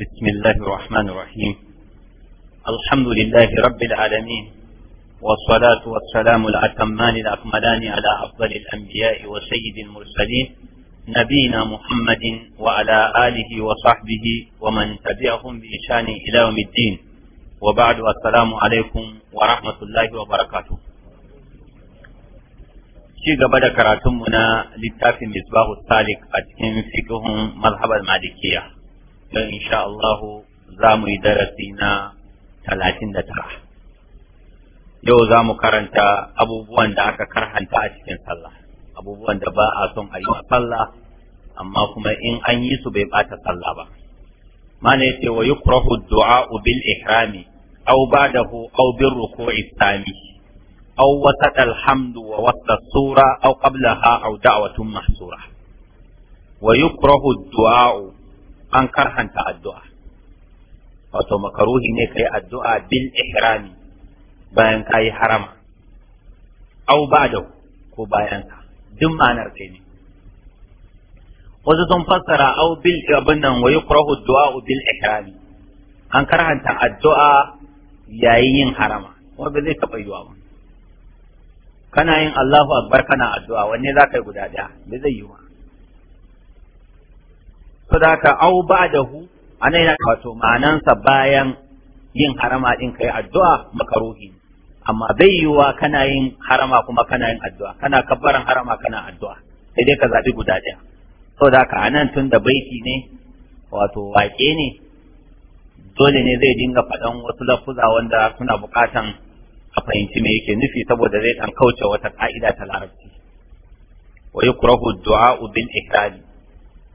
بسم الله الرحمن الرحيم الحمد لله رب العالمين والصلاة والسلام الأتمان الأكملان على أفضل الأنبياء وسيد المرسلين نبينا محمد وعلى آله وصحبه ومن تبعهم بإشان إلى يوم الدين وبعد السلام عليكم ورحمة الله وبركاته ci قبل كراتمنا karatunmu مصباح littafin misbahu salik مذهب المالكيه don insha Allah za mu yi darasi na talatin da tara. Yau za mu karanta abubuwan da aka karhanta a cikin sallah, abubuwan da ba a son a yi a sallah, amma kuma in an yi su bai bata sallah ba. Mana yace wa yukrahu du'a bil ihrami aw ba'dahu aw bir ruku'i sami aw wasata alhamdu wa wasta sura aw qablaha aw da'watun mahsura wa yukrahu du'a an karhanta addu'a wato makaruhi ne ka yi addu'a bil ihrami bayan ka yi harama au ba da ko bayan ka duk ma'anar kai ne wasu sun fassara au bil abin nan wa kurahu du'a bil ihrami an karhanta addu'a yayin yin harama wanda zai taɓa yiwa ba kana yin Allahu akbar kana addu'a wanne za ka yi guda ɗaya bai zai yi wa. sadaka au ba'dahu da Hu. wato ma'anansa bayan yin harama din kai addu'a makaruhi amma bai yiwa kana yin harama kuma kana yin addu'a kana kabbaran harama kana addu'a sai dai ka zaɓi guda ɗaya saboda haka anan tun da baiti ne wato waƙe ne dole ne zai dinga faɗan wasu lafuza wanda suna buƙatan a fahimci me yake nufi saboda zai ɗan kauce wata ƙa'ida ta larabci wa yukrahu du'a bil ikrari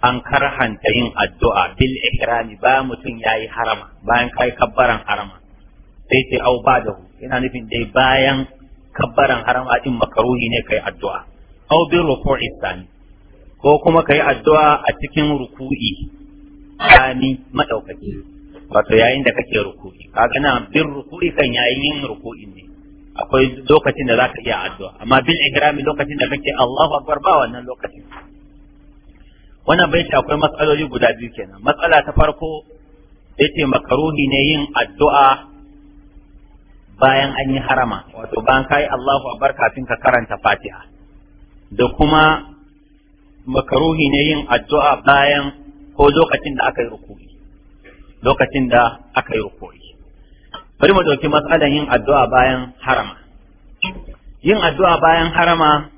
an karhanta yin addu'a bil ihrami ba mutum yayi harama bayan kai kabbaran harama sai ce au ba da ina nufin dai bayan kabbaran harama din makaruhi ne kai addu'a au bin ruku'i tsani ko kuma kai addu'a a cikin ruku'i tsani madaukaki wato yayin da kake ruku'i kaga na bin ruku'i kan yayin yin ruku'i ne akwai lokacin da zaka iya addu'a amma bil ihrami lokacin da kake Allahu akbar ba wannan lokacin wannan baiti akwai matsaloli guda biyu kenan matsala ta farko ce makaruhi ne yin addu'a bayan an yi harama wato bayan kayi Allahu akbar kafin ka karanta Fatiha da kuma makaruhi ne yin addu'a bayan ko lokacin da aka yi rukuri lokacin da aka yi rukuri bari mu dauki matsalan yin addu'a bayan harama yin addu'a bayan harama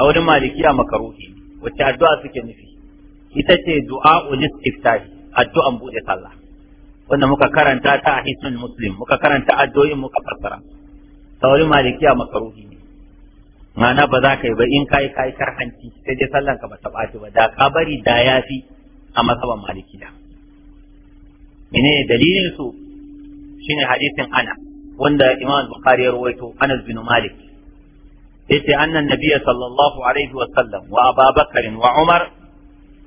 a wurin malikiya makaruhi wacce addu'a suke nufi ita ce du'a ulis iftari. addu'an bude sallah wanda muka karanta ta a hisnul muslim muka karanta addu'o'in muka fassara sauri malikiya makaruhi ne ma'ana ba za ka yi ba in kai kar hanci, sai dai sallan ka ba ta ɓaci ba da ka bari da yafi a masaban malikiya menene dalilin su shine hadisin ana wanda imam bukhari ya rawaito anas bin malik yace annan nabiyya sallallahu alaihi wa sallam wa Abu wa Umar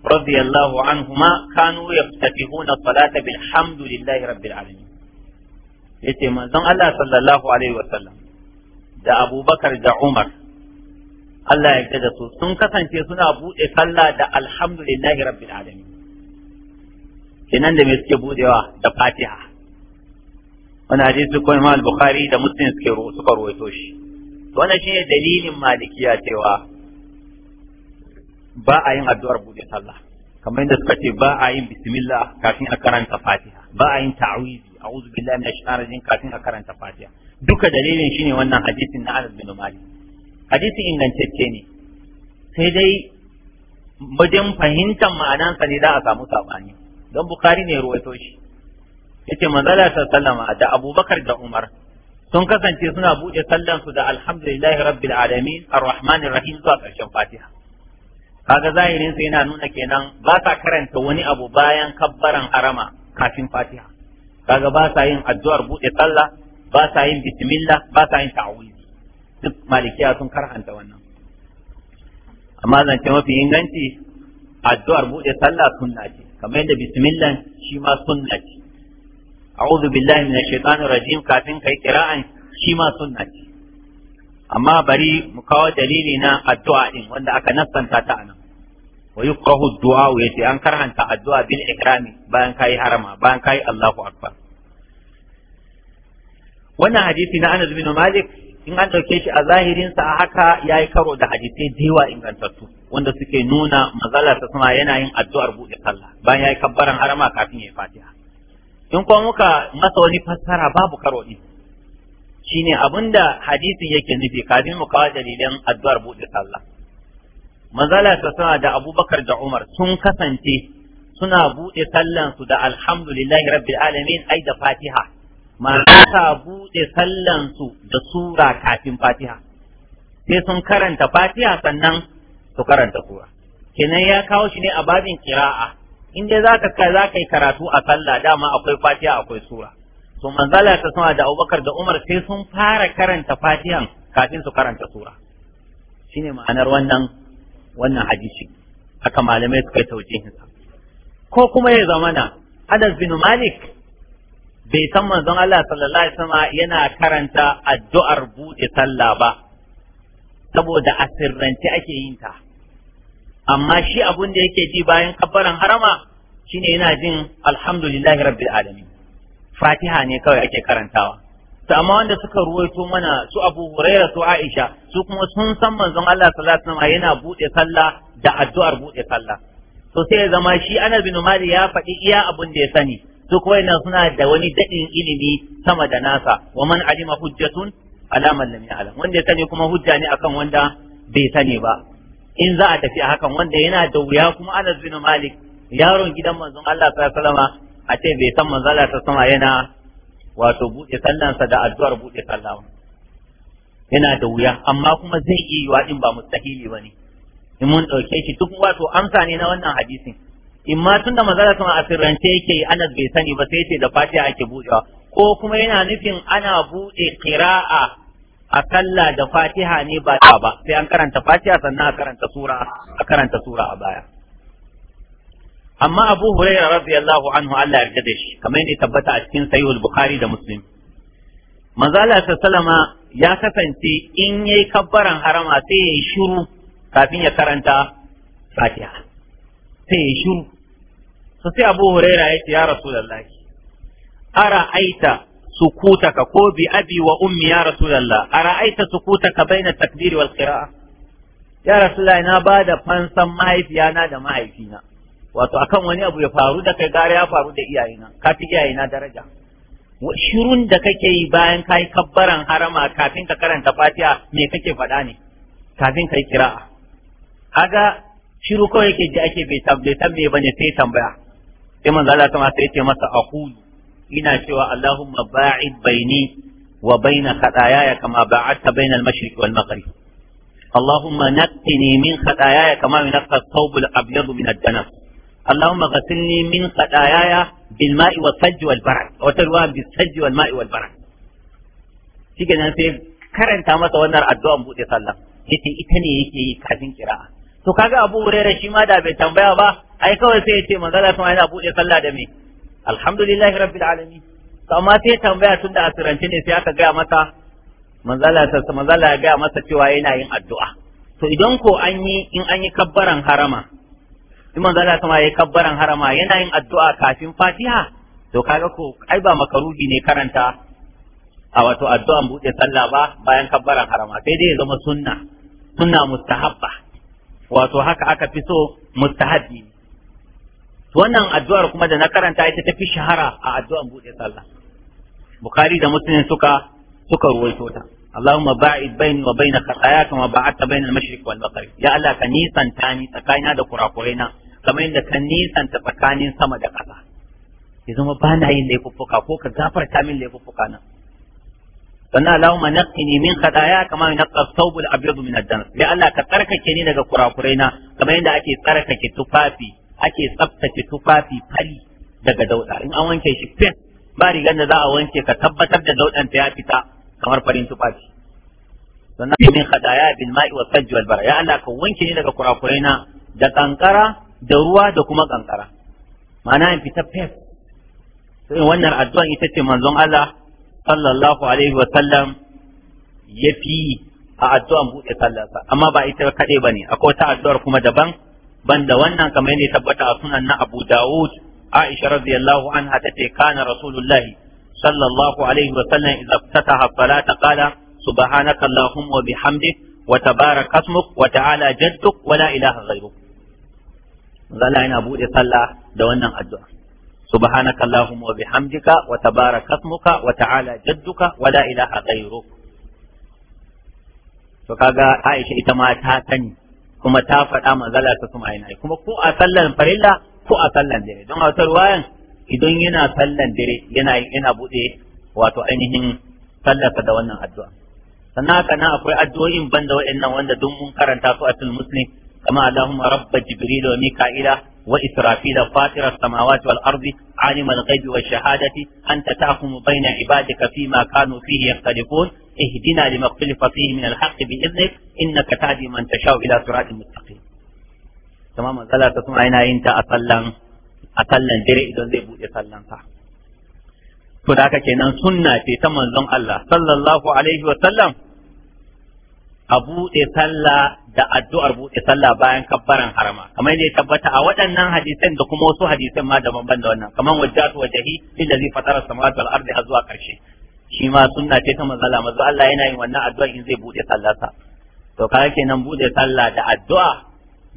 radiyallahu anhuma kanu yaftatihuna salata bilhamdulillahi hamdulillahi rabbil alamin yace manzon Allah sallallahu alaihi wa sallam da abubakar da Umar Allah ya da su sun kasance suna bude sallah da alhamdulillahi rabbil alamin kenan da me suke budewa da Fatiha wani hadisi ko Imam Bukhari da Muslim suke suka ruwaito shi wannan shine dalilin malikiya cewa ba a yin addu'ar buɗe sallah kamar yadda suka ce ba a yin bismillah kafin a karanta fatiha ba a yin ta'awizi a'udhu billahi minash shaitanir rajim kafin a karanta fatiha duka dalilin shine wannan hadisin na Anas bin Malik hadisin ingantacce ne sai dai wajen fahimtar ma'anansa ne za a samu sabani don bukari ne ruwaito shi yace manzala sallallahu alaihi wasallam da Abubakar da Umar sun kasance suna buɗe sallansu da alhamdulillahi rabbil alamin arrahmanir rahim zuwa ƙarshen fatiha kaga zahirin sai yana nuna kenan ba sa karanta wani abu bayan kabbaran arama kafin fatiha kaga ba sa yin addu'ar buɗe sallah ba sa yin bismillah ba sa yin ta'awuzi duk malikiya sun karhanta wannan amma zance mafi inganci addu'ar buɗe sallah sunna ce kamar yadda bismillah shi ma sunna ce a'udhu billahi minash shaitanir rajim kafin kai kira'an shi ma sunna ce amma bari mu kawo dalili na addu'a din wanda aka nassanta ta anan wa yuqahu du'a yace an karhanta addu'a bil ikrami bayan kai harama bayan kai Allahu akbar wannan hadisi na Anas Malik in an dauke shi a zahirinsa a haka yayi karo da hadisai da yawa ingantattu wanda suke nuna mazalar ta sama yana yin addu'ar buɗe sallah bayan yayi kabbaran harama kafin ya fatiha in kuma muka masa wani fassara babu karo din shine abinda hadisin yake nufi kafin mu kawo dalilan addu'ar buɗe sallah manzala ta sana da abubakar da umar sun kasance suna buɗe sallansu da alhamdulillahi rabbil alamin ai da fatiha ma ta buɗe sallansu da sura kafin fatiha sai sun karanta fatiha sannan su karanta sura kenan ya kawo shi ne a babin kira'a in dai zaka ka zaka yi karatu a sallah dama akwai fatiha akwai sura to manzala ta sama da Abubakar da Umar sai sun fara karanta fatihan kafin su karanta sura shine ma'anar wannan wannan hadisi haka malamai suka taujihin sa ko kuma ya zamana Anas bin Malik bai san manzon Allah sallallahu alaihi wasallam yana karanta addu'ar bude sallah ba saboda a sirrance ake yin ta amma shi abun da yake ji bayan kabbaran harama shine yana jin alhamdulillahi rabbil alamin fatiha ne kawai ake karantawa to amma wanda suka ruwaito mana su Abu Huraira su Aisha su kuma sun san manzon Allah sallallahu alaihi yana bude sallah da addu'ar bude sallah to sai zama shi Anas bin Malik ya faɗi iya abun da ya sani su kuma yana suna da wani dadin ilimi sama da nasa wa man alima hujjatun ala lam ya'lam wanda ya sani kuma hujja ne akan wanda bai sani ba in za a tafi a hakan wanda yana da wuya kuma Anas bin Malik yaron gidan manzon Allah sallallahu alaihi a ce bai san manzon Allah sallallahu yana wato bude sallansa da addu'ar bude sallah yana da wuya amma kuma zai iya yiwa din ba mustahili bane in mun dauke shi duk wato amsa ne na wannan hadisin in ma tun da manzon Allah a sirrance yake Anas bai sani ba sai ce da Fatiha ake budewa ko kuma yana nufin ana bude qira'a a sallah da fatiha ne ba ta ba sai an karanta fatiha sannan a karanta sura a karanta sura a baya amma abu hurairah radiyallahu anhu Allah ya yarda da shi kamar yadda tabbata a cikin sahihul bukhari da muslim manzala sallama ya kasance in yayi kabbaran harama sai yayi shiru kafin ya karanta fatiha sai yayi shiru sai abu ya ce ya rasulullahi ara aita sukutaka ko bi abi wa ummi ya rasulullah ara'aita sukutaka baina takbiri wal qira'a ya rasulullah ina bada fansan mahaifiyana da mahaifina wato akan wani abu ya faru da kai gara ya faru da iyayena ka iyayena daraja shirun da kake yi bayan kayi kabbaran harama kafin ka karanta fatiha me kake faɗa ne kafin kai kira'a kaga shiru kawai yake ji ake bai tambaye tambaye bane sai tambaya sai manzo Allah ta sai ya ce masa aqulu ina cewa Allahumma ba'id baini wa baina khataayaya kama ba'adta baina al-mashriq wal maghrib Allahumma naqqini min khataayaya kama yunqqa ath-thawb al-abyad min ad-danas Allahumma ghassilni min khataayaya bil ma'i wa sajj wal barad wa tarwa bis sajj wal ma'i wal barad shike nan sai karanta masa wannan addu'an bude sallah yace ita ne yake yi kafin kira'a to kaga Abu Hurairah shi ma da bai tambaya ba ai kawai sai ya ce manzo Allah yana bude sallah da me alhamdulillahi rabbil alamin to amma sai tambaya tun da asirance ne sai aka gaya masa manzala ta manzala ya gaya masa cewa yana yin addu'a to idan ko an yi in an yi kabbaran harama in manzala ta ma yi kabbaran harama yana yin addu'a kafin Fatiha to kaga ko ai ba makaruhi ne karanta a wato addu'an buɗe sallah ba bayan kabbaran harama sai dai ya zama sunna sunna mustahabba wato haka aka fi so ne. wannan addu'ar kuma da na karanta ita tafi shahara a addu'an buɗe sallah bukhari da muslim suka suka ruwaito ta اللهم باعد بيني وبين خطايا كما باعدت بين المشرق والمغرب يا الله ka nisanta ni tsakanina da kurakuraina kamar yadda ka nisanta tsakanin sama da ƙasa ya zama ba na yin laifuffuka ko ka gafarta min laifuffuka na sannan Allahumma naqqini min khataaya kama yunqqa thawb al-abyad min ad-dams ya Allah ka tsarkake ni daga kurakuraina kamar yadda ake tsarkake tufafi ake tsaftace tufafi fari daga dauɗa in an wanke shi fes ba rigar da za a wanke ka tabbatar da dauɗanta ta ya fita kamar farin tufafi sannan min khadaya bil ma'i wa sajj wal bara ya Allah ka wanke ni daga kurakurai na da kankara da ruwa da kuma kankara ma'ana in fita fes sai wannan addu'a ita ce manzon Allah sallallahu alaihi wa sallam ya fi a addu'an buɗe sallarsa amma ba ita kaɗai ba ne akwai wata addu'ar kuma daban banda wannan kamar ne tabbata a sunan na Abu Dawud Aisha radiyallahu anha tace kana Rasulullahi sallallahu alaihi wa sallam idza ftataha salata qala subhanaka allahumma wa bihamdik wa tabarak asmuk wa ta'ala jadduk wa la ilaha ghayruk zalla yana bude sallah da wannan addu'a subhanaka allahumma wa bihamdika wa tabarak asmuka wa ta'ala jadduka wa la ilaha ghayruk to kaga Aisha ita ma ta sani kuma ta faɗa manzala ta suma yana kuma ko a sallan farilla ko a sallan dare don a wayan idan yana sallan dare yana yana bude wato ainihin sallarsa da wannan addu'a sannan haka nan akwai addu'o'in banda waɗannan wanda duk mun karanta su a cikin muslim kama allahumma rabba jibril wa mika'ila وإسرافيل فاطر السماوات والأرض عالم الغيب والشهادة أنت تحكم بين عبادك فيما كانوا فيه يختلفون اهدنا لما اختلف فيه من الحق بإذنك إنك تهدي من تشاء إلى صراط مستقيم تمام صلاة سمعنا أين أنت أصلا أصلا جري إذا زي بودي صلا صح فذاك كنا سنة تمنزون الله صلى الله عليه وسلم a buɗe sallah da addu'ar buɗe sallah bayan kabbaran harama kamar ne tabbata a waɗannan hadisan da kuma wasu hadisan ma daban ban da wannan kamar wajjatu wajhi lillazi fatara samawati wal ardi har zuwa karshe shi ma sunna ce ta manzo Allah manzo Allah yana yin wannan addu'a in zai buɗe sa. to kaga kenan buɗe sallah da addu'a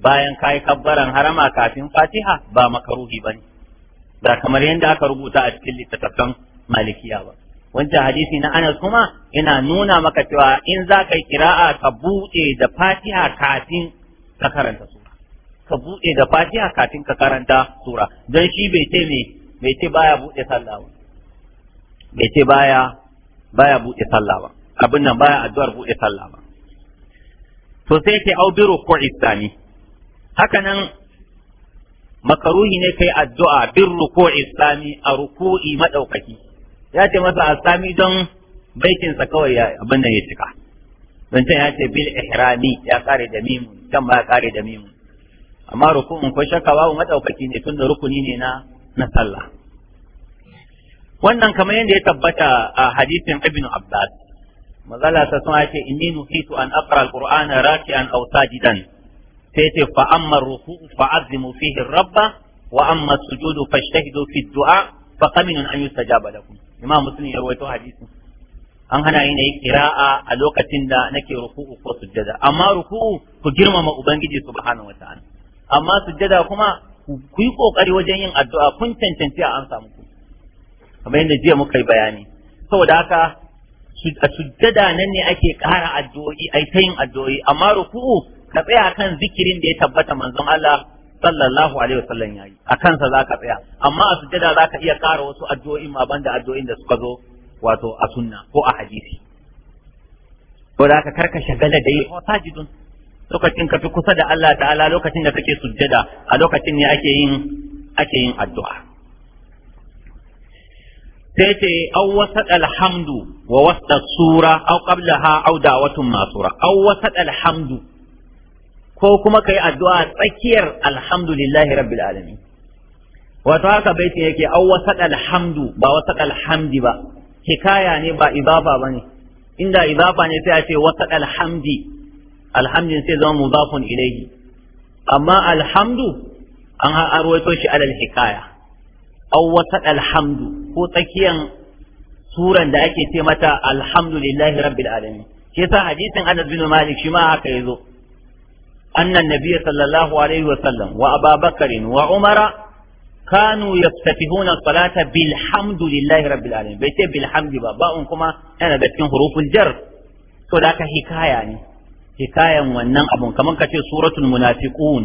bayan kai kabbaran harama kafin Fatiha ba makaruhi bane da kamar yadda aka rubuta a cikin littattafan Malikiya ba wancan hadisi na Anas kuma yana nuna maka cewa in za ka yi kira'a ka buɗe da Fatiha kafin ka karanta sura ka buɗe da Fatiha kafin ka karanta sura don shi bai ce me bai ce baya buɗe sallah ba bai ce baya baya buɗe sallah ba abin nan baya addu'ar buɗe sallah ba to sai ke aubiru ko isani haka nan makaruhi ne kai addu'a bin ruku'i tsami a ruku'i madaukaki ya ce masa asami don baikinsa kawai abin da ya cika can ya ce bil ihrami ya kare da mimun can ba ya kare da mimun amma rukunin ko shakka babu madaukaki ne tun da rukuni ne na na sallah wannan kamar yadda ya tabbata a hadisin ibnu abbas mazala ta sun ce inni nuhitu an aqra alqur'ana raki'an aw sajidan sai ce fa amma ruku'u fa azimu fihi rabba wa amma sujudu fashtahidu fi du'a fa qaminun an yustajaba lakum imam muslim ya rawaito hadisin an hana yin yi kira'a a lokacin da nake ruku'u ko sujjada amma ruku'u ku girmama ubangiji subhanahu wata'ala amma sujjada kuma ku yi kokari wajen yin addu'a kun cancanci a amsa muku kamar yadda jiya muka yi bayani saboda haka a sujjada nan ne ake ƙara addu'o'i ai ta yin addu'o'i amma ruku'u ka tsaya kan zikirin da ya tabbata manzon Allah sallallahu alaihi wasallam yi a kansa za ka tsaya amma a sujjada ka iya ƙara wasu addu'o'in ma banda addu'o'in da suka zo wato a sunna ko a hadisi ko da ka karka shagala da yi sajidun lokacin ka fi kusa da Allah ta'ala lokacin da kake sujjada a lokacin ne ake yin ake yin addu'a sai ce aw wasat alhamdu wa wasat sura aw qablaha aw da'watun masura aw wasat alhamdu ko kuma yi addu'a tsakiyar alhamdulillahi rabbil alamin wato haka baitin yake aw wasat alhamdu ba wasat alhamdi ba hikaya ne ba idafa bane inda idafa ne sai a ce wasat alhamdi alhamdin sai zama mudafun ilayhi amma alhamdu an arwaito shi alal hikaya aw wasat alhamdu ko tsakiyan suran da ake ce mata alhamdulillahi rabbil alamin Ke yasa hadisin Anas bin Malik shi ma haka yazo أن النبي صلى الله عليه وسلم وأبا بكر وعمر كانوا يفتتحون الصلاة بالحمد لله رب العالمين بيت بالحمد بابا كما أنا بكين حروف الجر to da ka hikaya ne hikayan wannan abun kamar ka ce suratul munafiqun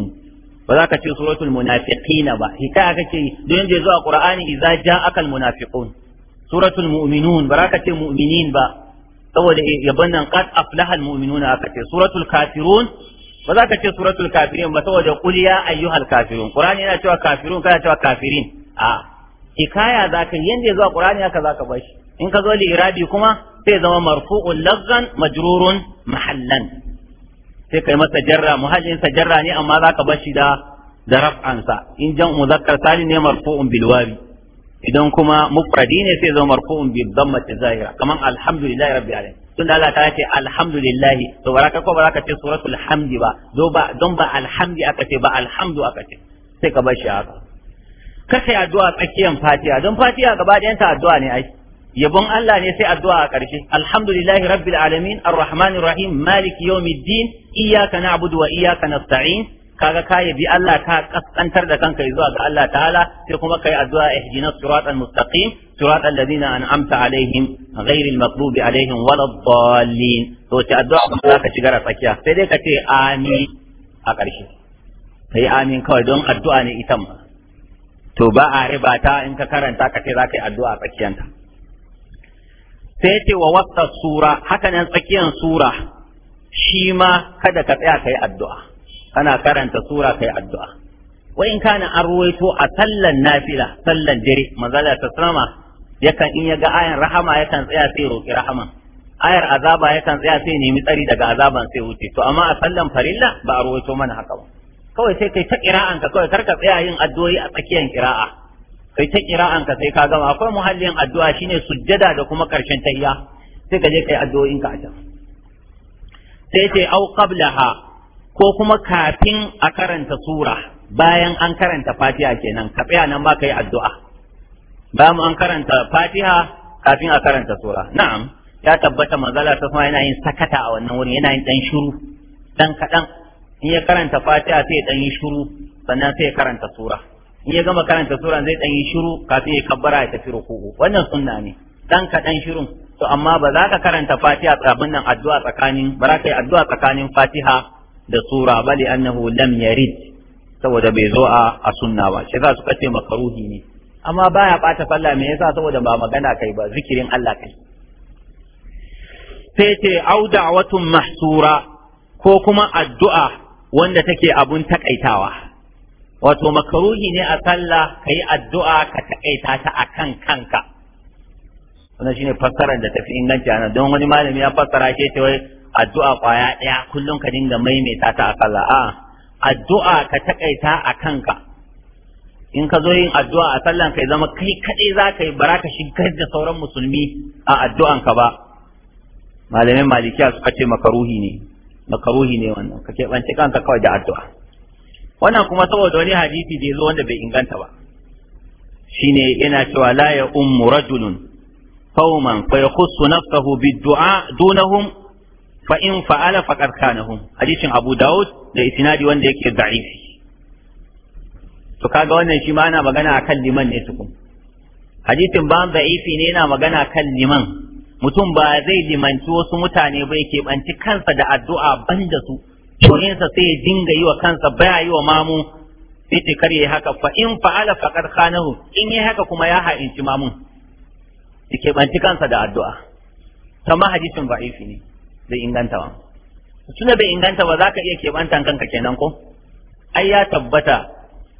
ba za ka ce suratul munafiqin ba hikaya kake don je zuwa qur'ani idza ja'akal munafiqun suratul mu'minun ba za ka ce mu'minin ba saboda yaban nan qad aflahal mu'minuna aka ce suratul kafirun ba za ka ce suratul kafirun ba saboda qul ya ayyuhal kafirun qur'ani yana cewa kafirun kana cewa kafirin a hikaya za ka yanda ya zuwa qur'ani haka za ka bar shi in ka zo li irabi kuma sai zama marfu'un lafzan majrurun mahallan sai kai masa jarra muhallin sa jarra ne amma za ka bar shi da da raf'ansa in jan muzakkar Sani ne marfu'un bil wawi idan kuma mufradi ne sai zama marfu'un bil dhammati zahira kaman alhamdulillahi rabbil alamin tunda Allah ta ce alhamdulillah to baraka ko baraka ce suratul hamdi ba do ba don ba alhamdi aka ce ba alhamdu aka ce sai ka haka addu'a fatiha don fatiha gaba ɗayan ta addu'a ne ai yabon Allah ne sai addu'a a ƙarshe alhamdulillahi rabbil alamin arrahmanir rahim maliki yawmiddin iyyaka na'budu wa iyyaka nasta'in kaga ka yabi Allah ka kaskantar da kanka zuwa ga Allah ta'ala sai kuma kai addu'a ihdinas siratal mustaqim siratal ladina an'amta alaihim ghairil maghdubi alaihim waladdallin to ta addu'a kuma zaka shiga tsakiya sai dai ka ce amin a ƙarshe sai amin kawai don addu'a ne ita ma to ba a riba ta in ka karanta ka ce zaka yi addu'a a tsakiyanta sai ce wa wasta sura haka nan tsakiyan sura shi ma kada ka tsaya ka yi addu'a kana karanta sura kai addu'a wa in kana an ruwaito a sallan nafila sallan dare manzala ta sama yakan in yaga ayar rahama yakan tsaya sai roki rahama ayar azaba yakan tsaya sai nemi tsari daga azaban sai wuce to amma a sallan farilla ba a ruwaito mana haka ba kawai sai kai ta kira'an ka kawai karka tsaya yin addu'o'i a tsakiyar kira'a kai ta kira'an ka sai ka gama akwai muhallin addu'a shine sujjada da kuma karshen tahiyya sai ka je kai addu'o'in ka a can sai ce au qablaha ko kuma kafin a karanta sura bayan an karanta fatiha kenan ka tsaya nan ba ka yi addu'a bayan an karanta fatiha kafin a karanta sura na'am ya tabbata manzala ta sama yana yin sakata a wannan wurin yana yin dan shiru dan kadan in ya karanta fatiha sai dan yi shiru sannan sai ya karanta sura in ya gama karanta sura zai dan yi shiru kafin ya kabbara ya tafi ruku'u wannan sunna ne dan kadan shirun to amma ba za ka karanta fatiha tsabin nan addu'a tsakanin ba za ka yi addu'a tsakanin fatiha da sura ba li annahu lam yarid saboda bai zo a sunna ba shi za su ce makaruhi ne amma baya bata sallah me yasa saboda ba magana kai ba zikirin Allah kai sai ce au da'watun mahsura ko kuma addu'a wanda take abun takaitawa wato makaruhi ne a sallah kai addu'a ka takaita ta akan kanka wannan shine fassarar da tafi inganci ana don wani malami ya fassara shi ce wai addu'a kwaya ɗaya kullum ka dinga maimaita ta a sallah a addu'a ka takaita a kanka in ka zo yin addu'a a sallan ka zama kai kaɗai za ka yi bara ka shigar da sauran musulmi a addu'an ka ba malamin malikiya suka ce makaruhi ne makaruhi ne wannan ka keɓance kanka kawai da addu'a wannan kuma saboda wani hadisi da ya zo wanda bai inganta ba shine yana cewa la ya ummu rajulun Fauman fa yakhussu nafsahu bid-du'a dunahum fa in fa'ala faqad kanahum hadisin Abu Dawud da isnadi wanda yake da'ifi to kaga wannan shi ma ana magana akan liman ne tukun hadisin ba da'ifi ne yana magana kan liman mutum ba zai limanci wasu mutane ba yake banci kansa da addu'a banda su sa sai ya dinga yi wa kansa baya yi wa mamu yace kar yayi haka fa in fa'ala faqad khanahu in yi haka kuma ya ha'inci mamun yake banci kansa da addu'a sama hadisin ba'ifi ne bai inganta ba da bai inganta ba za ka iya keɓantan kanka kenan ko ai ya tabbata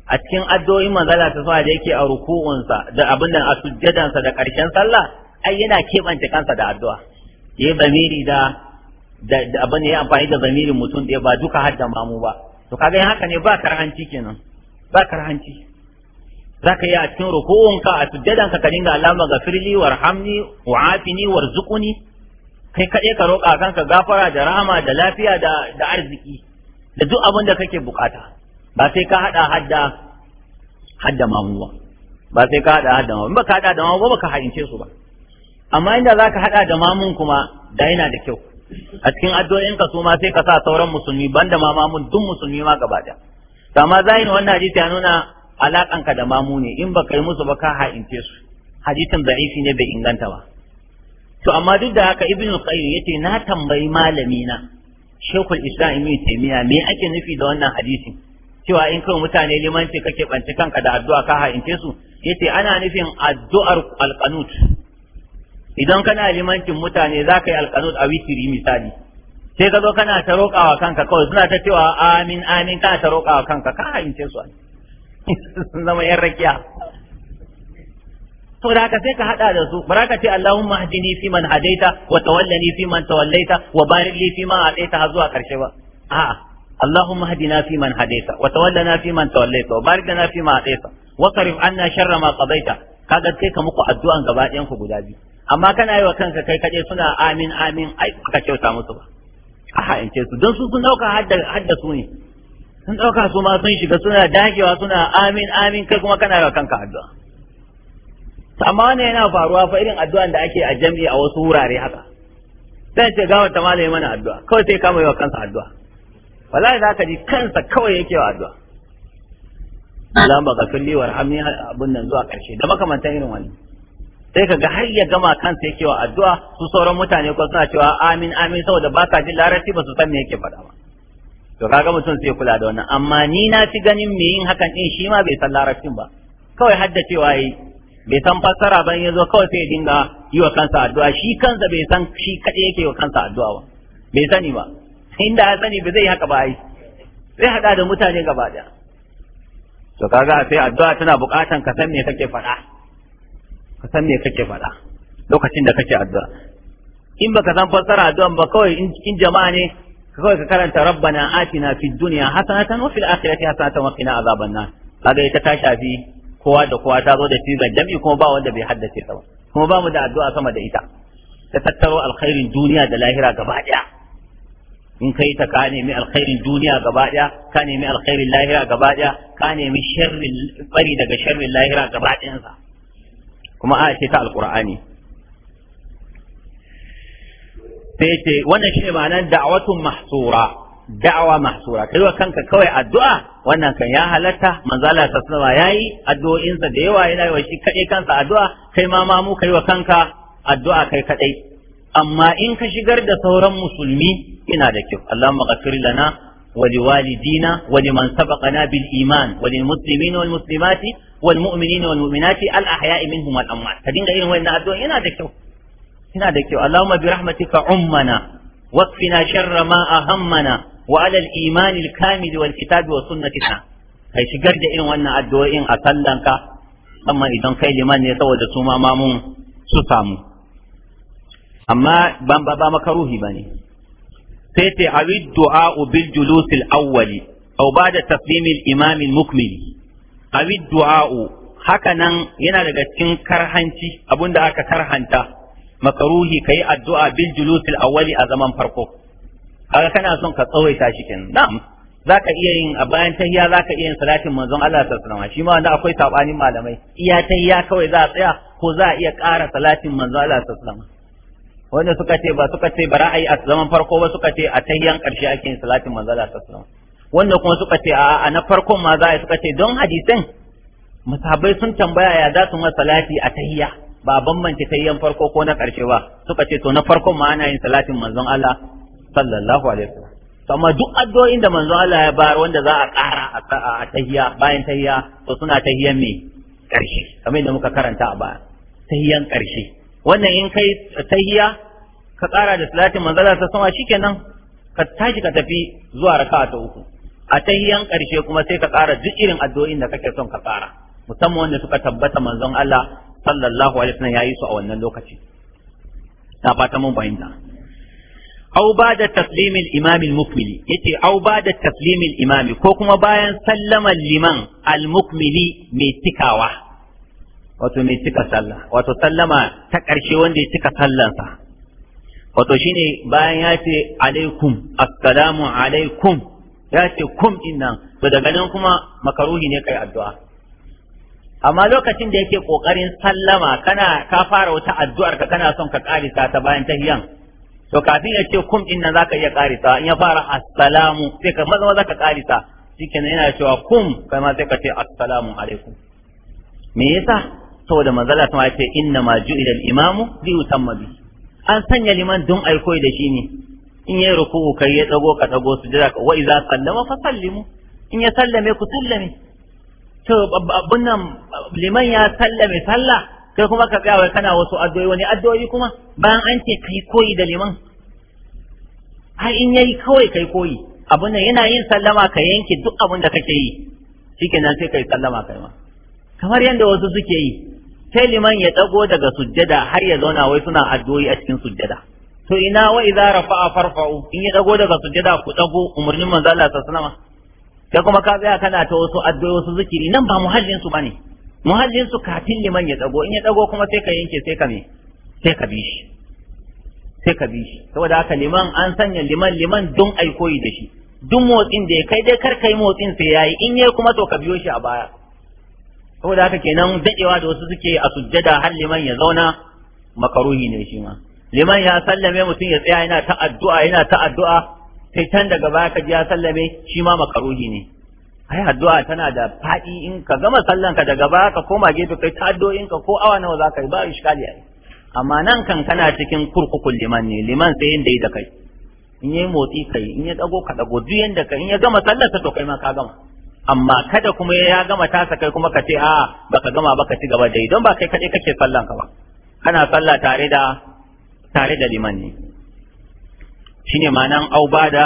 a cikin addu'o'in manzala ta sama da yake a ruku'unsa da abin da a sujjadansa da ƙarshen sallah ai yana keɓanta kansa da addu'a yi zamiri da da abin ya amfani da zamirin mutum ɗaya ba duka hadda mamu ba to kaga yin haka ne ba karhanci kenan ba karhanci za ka yi a cikin ruku'unka a sujjadansa ka dinga alama gafirli warhamni wa'afini warzuƙuni. kai kaɗai ka roƙa kanka gafara da rahama da lafiya da da arziki da duk abin da kake bukata ba sai ka hada hadda hadda mamuwa ba sai ka hada hadda mamuwa ba ka hada da mamuwa ba ka haince su ba amma inda za ka hada da mamun kuma da yana da kyau a cikin addu'o'in ka su ma sai ka sa sauran musulmi banda ma mamun duk musulmi ma gaba da to amma zahirin wannan hadisi ya nuna alaƙanka da mamu ne in ba kai musu ba ka haince su hadisin da'ifi ne bai inganta ba to amma duk da haka ibn qayyim yace na tambayi malami na shekul islam ibn taymiya me ake nufi da wannan hadisin cewa in kai mutane limanci kake banci kanka da addu'a ka ha'ince su yace ana nufin addu'ar alqanut idan kana limancin mutane za ka yi alqanut a witiri misali sai ka zo kana ta roƙawa kanka kawai suna ta cewa amin amin kana ta roƙawa kanka ka ha'ince su sun zama yan rakiya saboda haka sai ka hada da su baraka ce Allahumma hadini fi man hadaita wa tawallani fi man tawallaita wa barik li fi ma hadaita zuwa karshe ba a'a Allahumma hadina fi man hadaita wa tawallana fi man tawallaita wa barik lana fi ma hadaita wa qarif anna sharra ma qadaita kaga sai ka muku addu'an gaba ɗayan ku guda biyu amma kana yi wa kanka kai kaje suna amin amin ai baka kyauta musu ba A'a in ce su don su sun dauka hadda su ne sun dauka su ma sun shiga suna dagewa suna amin amin kai kuma kana yi wa kanka addu'a amma wannan yana faruwa fa irin addu'an da ake a jami'i a wasu wurare haka sai ce ga wata malami mana addu'a kawai sai kama yawa kansa addu'a wallahi za ka ji kansa kawai yake wa addu'a Allah ba kulli wa rahmi abun nan zuwa karshe da makamantan irin wannan sai ka ga har ya gama kansa yake wa addu'a su sauran mutane ko suna cewa amin amin saboda ba ka ji larabci ba su san me yake faɗa ba to kaga mutum sai kula da wannan amma ni na fi ganin me yin hakan din shi ma bai san larabcin ba kawai haddacewa waye? bai san fassara ba ya zo kawai sai ya dinga yi wa kansa addu'a shi kansa bai san shi kaɗai yake wa kansa addu'a ba bai sani ba inda ya sani ba zai haka ba ai zai haɗa da mutane gaba ɗaya to kaga sai addu'a tana buƙatan ka san me kake faɗa ka san me kake faɗa lokacin da kake addu'a in baka san fassara addu'a ba kawai in cikin jama'a ne kawai ka karanta rabbana atina fid dunya hasanatan wa fil akhirati hasanatan wa qina azaban nar kaga ita ta shafi kowa da kowa ta zo da shi sigar dami, kuma ba wanda bai haddace ta ba kuma ba mu da addu'a sama da ita ta tattaro alkhairin duniya da lahira gaba daya in kai ta ka nemi alkhairin duniya gaba daya ka nemi alkhairin lahira gaba daya ka nemi sharrin bari daga sharrin lahira gaba dayansa kuma a ce ta alqur'ani sai ce wannan shine ma'anar da'watun mahsura da'awa mahsura kai wa kanka kawai addu'a wannan kan ya halatta manzala ta sama yayi addu'o'insa da yawa yana yi shi kadai kansa addu'a kai ma ma mu kai wa kanka addu'a kai kadai amma in ka shigar da sauran musulmi ina da kyau Allahumma ghafir lana wa liwalidina wa liman sabaqana bil iman wa lil muslimina wal muslimati wal mu'minina wal mu'minati al ahya'i minhum wal amwat ka dinga irin wannan addu'a ina da kyau ina da kyau Allahumma bi rahmatika ummana واكفنا شر ما أهمنا wa alal imanil kamil wal kitabi wa sunnatina shigar da irin wannan addu'o'in a sallanka amma idan kai liman ne saboda su ma mamun su samu amma ban ba makaruhi bane sai ta awi du'a bil julus al awwali aw ba'da taslim al imam al mukmil awi du'a haka nan yana daga cikin karhanci abinda aka karhanta makaruhi kai addu'a bil julusil awwali a zaman farko kaga kana son ka tsawaita shi kenan na'am zaka iya yin a bayan za zaka iya yin salatin manzon Allah sallallahu alaihi wasallam shi ma wanda akwai sabanin malamai iya tahiyya kawai za a tsaya ko za a iya ƙara salatin manzon Allah sallallahu alaihi wasallam wanda suka ce ba suka ce ba ra'ayi a zaman farko ba suka ce a tahiyan ƙarshe ake yin salatin manzon Allah sallallahu alaihi wasallam wanda kuma suka ce a na farkon ma za a suka ce don hadisin musabai sun tambaya ya za su ma salati a tahiyya ba bambance tahiyyan farko ko na ƙarshe ba suka ce to na farkon ma ana yin salatin manzon Allah sallallahu alaihi wasallam amma duk addu'o'in da manzo Allah ya bayar wanda za a ƙara a tahiyya bayan tahiyya to suna tahiyyan me ƙarshe kamar yadda muka karanta a baya tahiyyan ƙarshe wannan in kai tahiyya ka ƙara da salatin manzo Allah ta sama shikenan ka tashi ka tafi zuwa raka'a ta uku a tahiyyan ƙarshe kuma sai ka ƙara duk irin addu'o'in da kake son ka ƙara musamman wanda suka tabbata manzon Allah sallallahu alaihi wasallam yi su a wannan lokaci na fata mun fahimta Auba da taslimin imamin mukmili yace au ba da taslimin imami ko kuma bayan sallaman liman al mai tikawa wato mai tika sallah wato sallama ta ƙarshe wanda ya tika sallansa wato shine bayan ya ce alaikum assalamu alaikum ya ce kum innan to daga nan kuma makaruhi ne kai addu'a amma lokacin da yake kokarin sallama kana ka fara wata addu'ar ka kana son ka karisa ta bayan tahiyan to kafin ya ce kum din nan zaka iya karisa in ya fara assalamu sai ka maza zaka karisa shikenan yana cewa kum kai ma sai ka ce assalamu alaikum me yasa saboda manzala sama ya ce inna ma ju'ila al-imamu li yutamma bi an sanya liman don ai koyi da shi ne in yayi ruku'u kai ya dago ka dago jira ka wa idza sallama fa sallimu in ya sallame ku sallame to abun nan liman ya sallame sallah kai kuma ka tsaya wai kana wasu addu'o'i wani addu'o'i kuma bayan an ce kai koyi da liman ai in yayi kawai kai koyi abin nan yana yin sallama ka yanke duk abin da kake yi shikenan sai kai sallama kai ma kamar yadda wasu suke yi sai liman ya dago daga sujjada har ya zauna wai suna addu'o'i a cikin sujjada to ina wa idza rafa'a farfa'u in ya dago daga sujjada ku dago umurnin manzo Allah sallallahu alaihi wasallam sai kuma ka tsaya kana ta wasu addu'o'i wasu zikiri nan ba muhallin su bane muhallin su kafin liman ya tsago in ya tsago kuma sai ka yanke sai ka me sai ka bi sai ka bi saboda haka liman an sanya liman liman don ai koyi da shi duk motsin da ya kai dai kar kai motsin sai yayi in yayi kuma to ka biyo shi a baya saboda haka kenan dadewa da wasu suke a sujjada har liman ya zauna makaruhi ne shi ma liman ya sallame mutum ya tsaya yana ta addu'a yana ta addu'a sai can daga baya ka ji ya sallame shi ma makaruhi ne ai addu'a tana da faɗi in ka gama sallan ka daga baya ka koma gefe kai ta addu'o'in ka ko awa nawa zaka yi ba iskali ai amma nan kan kana cikin kurkukun liman ne liman sai inda da kai in yayi motsi kai in ya dago ka dago duk yanda kai in ya gama sallar sa to kai ma ka gama amma kada kuma ya gama tasa kai kuma ka ce a baka gama baka ci gaba dai don ba kai kaɗai kake sallan ka ba kana sallah tare da tare da liman ne shine ma'anan au bada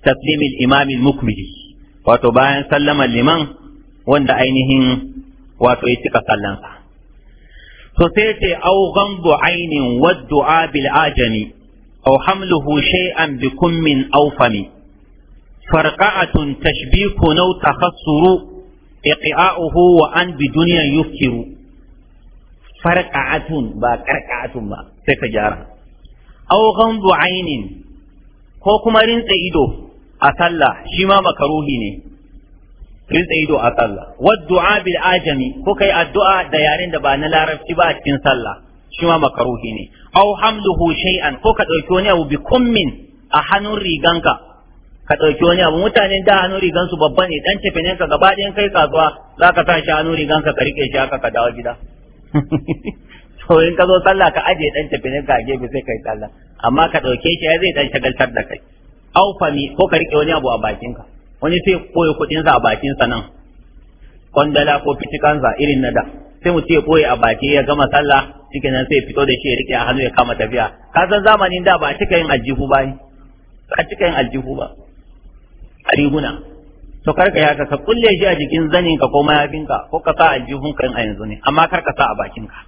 taslimil imamil mukmili wato bayan sallama liman wanda ainihin wato ya cika sallansa to sai ce au ghamdu ainin wa du'a bil ajami aw hamluhu shay'an bi kummin aw fami farqa'atun tashbiku naw takhassuru iqa'uhu wa an bi dunya yufkiru farqa'atun ba qarqa'atun ba sai ta gyara Au Gambo ainin ko kuma rintsa ido a sallah shi ma makaruhi ne rinsa ido a sallah waddu'a bil ajami ko kai addu'a da yaren da ba na larabci ba a cikin sallah shi ma makaruhi ne aw hamluhu shay'an ko ka dauki wani abu bi kummin a hannun riganka ka ɗauki wani abu mutane da hannun rigansu babba ne dan cefenen ka gaba ɗayan kai kasuwa za ka sa shi hannun riganka ka rike shi haka ka dawo gida to in ka zo sallah ka aje dan cefenen ka a gefe sai kai sallah amma ka ɗauke shi ya zai dan shagaltar da kai Aufami ko ka rike wani abu a bakinka wani sai koyo kudin sa a bakin sa nan kwandala ko fitikansa irin na da sai mu ce koyo a baki ya gama sallah cikin nan sai fito da shi ya rike a hannu ya kama tafiya ka san zamanin da ba a cika yin aljihu ba ne ba a cika yin aljihu ba a riguna to karka ya ka kulle shi a jikin zanin ka ko mayafinka ko ka sa aljihun ka a yanzu ne amma karka sa a bakinka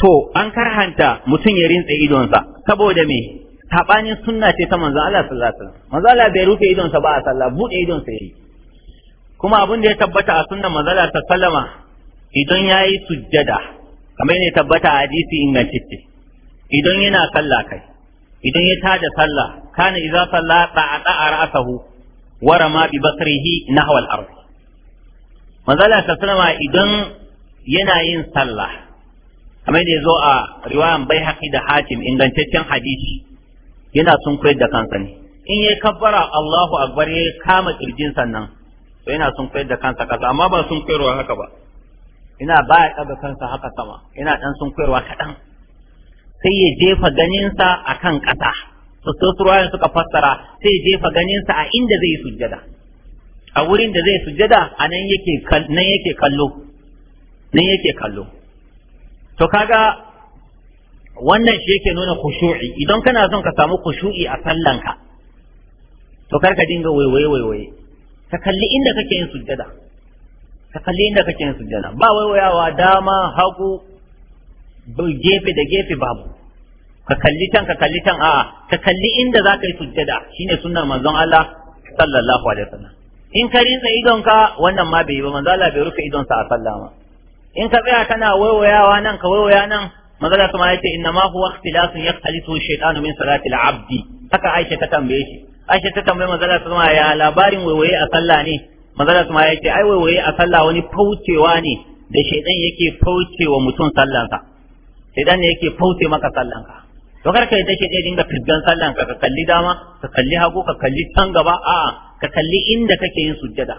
to an karhanta mutum ya rintse idonsa saboda me sabanin sunna ce ta manzo Allah sallallahu alaihi wasallam manzo Allah bai rufe idon sa ba a sallah bude idon sa yayi kuma abin da ya tabbata a sunnan manzo Allah sallama idan yayi sujjada kamar ne tabbata a hadisi ingantacce idan yana sallah kai idan ya tada sallah kana idza salla ta'ata ra'sahu wa rama bi basrihi nahwa al-ard manzo Allah sallama idan yana yin sallah kamar da ya zo a riwayan bai haƙi da hakim ingantaccen hadisi yana sun da kansa ne in yayi kabbara Allahu akbar ya kama kirjin sannan to yana sun koyar da kansa kasa amma ba sun haka ba ina ba ya ɗaga kansa haka sama yana ɗan sun kaɗan sai ya jefa ganinsa a kan ƙasa sosai suka fassara sai ya jefa ganinsa a inda zai sujjada a wurin da zai sujjada a nan yake kallo nan yake kallo to kaga wannan shi yake nuna khushu'i idan kana son ka samu khushu'i a sallanka to kar ka dinga waiwaye waiwaye ka kalli inda kake yin sujjada ka kalli inda kake yin sujjada ba waiwayawa dama hagu gefe da gefe babu ka kalli can ka kalli can a'a ka kalli inda za ka yi sujjada shine sunnar manzon Allah sallallahu alaihi wasallam in ka rinsa idonka wannan ma bai yi ba manzo Allah bai rufe idonsa a sallama in ka tsaya kana waiwayawa nan ka waiwaya nan magana kuma yace inna ma huwa ikhtilasun yaqtalisu shaytanu min salati al-abdi haka Aisha ta tambaye shi Aisha ta tambaye magana kuma ya labarin waiwaye a sallah ne magana kuma yace ai waiwaye a sallah wani faucewa ne da shaytan yake faucewa mutum sallansa shaytan ne yake fauce maka sallanka to kar kai take dai dinga fisgan sallanka ka kalli dama ka kalli hagu ka kalli can gaba a'a ka kalli inda kake yin sujjada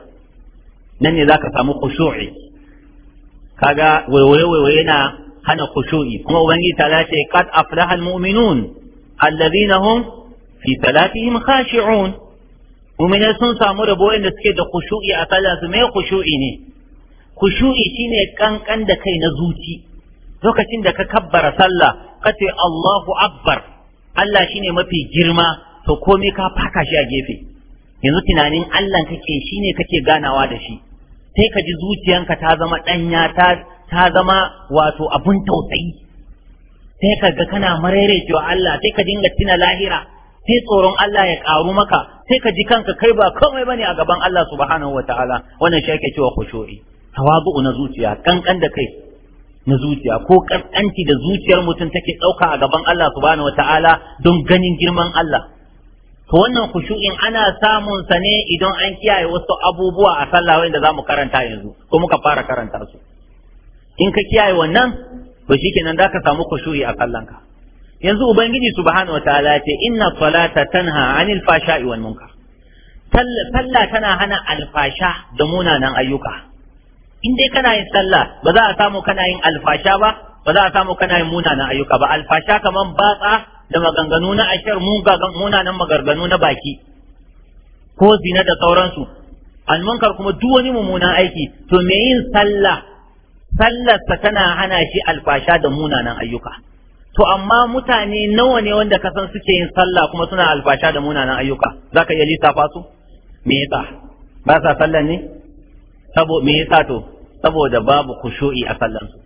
nan ne zaka samu khushu'i kaga waiwaye waiwaye na hana kushu'i. kuma ubangiji ta lace qad aflaha almu'minun alladhina hum fi salatihim khashi'un mu'minai sun samu rabo inda suke da kushu'i a su me kushu'i ne Kushu'i shine kankan da kai na zuci lokacin da ka kabbara sallah ka ce Allahu akbar Allah shine mafi girma to komai ka faka shi a gefe yanzu tunanin Allah kake shine kake ganawa da shi sai ka ji zuciyanka ta zama danya ta ta zama wato abun tausayi sai ka ga kana marere cewa Allah sai ka dinga tina lahira sai tsoron Allah ya karu maka sai ka ji kanka kai ba komai bane a gaban Allah subhanahu wataala wannan shi ake cewa khushu'i tawadu'u na zuciya kankan da kai na zuciya ko kankanci da zuciyar mutum take ɗauka a gaban Allah subhanahu wataala don ganin girman Allah to wannan khushu'in ana samun sa ne idan an kiyaye wasu abubuwa a sallah wanda zamu karanta yanzu ko muka fara karanta su in ka kiyaye wannan to shikenan zaka samu kushuri a kallanka yanzu ubangiji subhanahu wataala ya ce inna salata tanha anil fashai wal munkar sallah tana hana alfasha da munanan ayyuka in dai kana yin salla ba za a samu kana yin alfasha ba ba za a samu kana yin munanan ayyuka ba alfasha kaman batsa da maganganu na ashar munanan maganganu na baki ko zina da sauransu almunkar kuma duk wani mummunan aiki to me yin sallah sallarsa tana hana shi alfasha da munanan ayyuka to amma mutane nawa ne wanda ka san suke yin sallah kuma suna alfasha da munanan ayyuka zaka iya lissafa su me yasa ba sa sallar ne sabo me yasa to saboda babu khushu'i a sallar su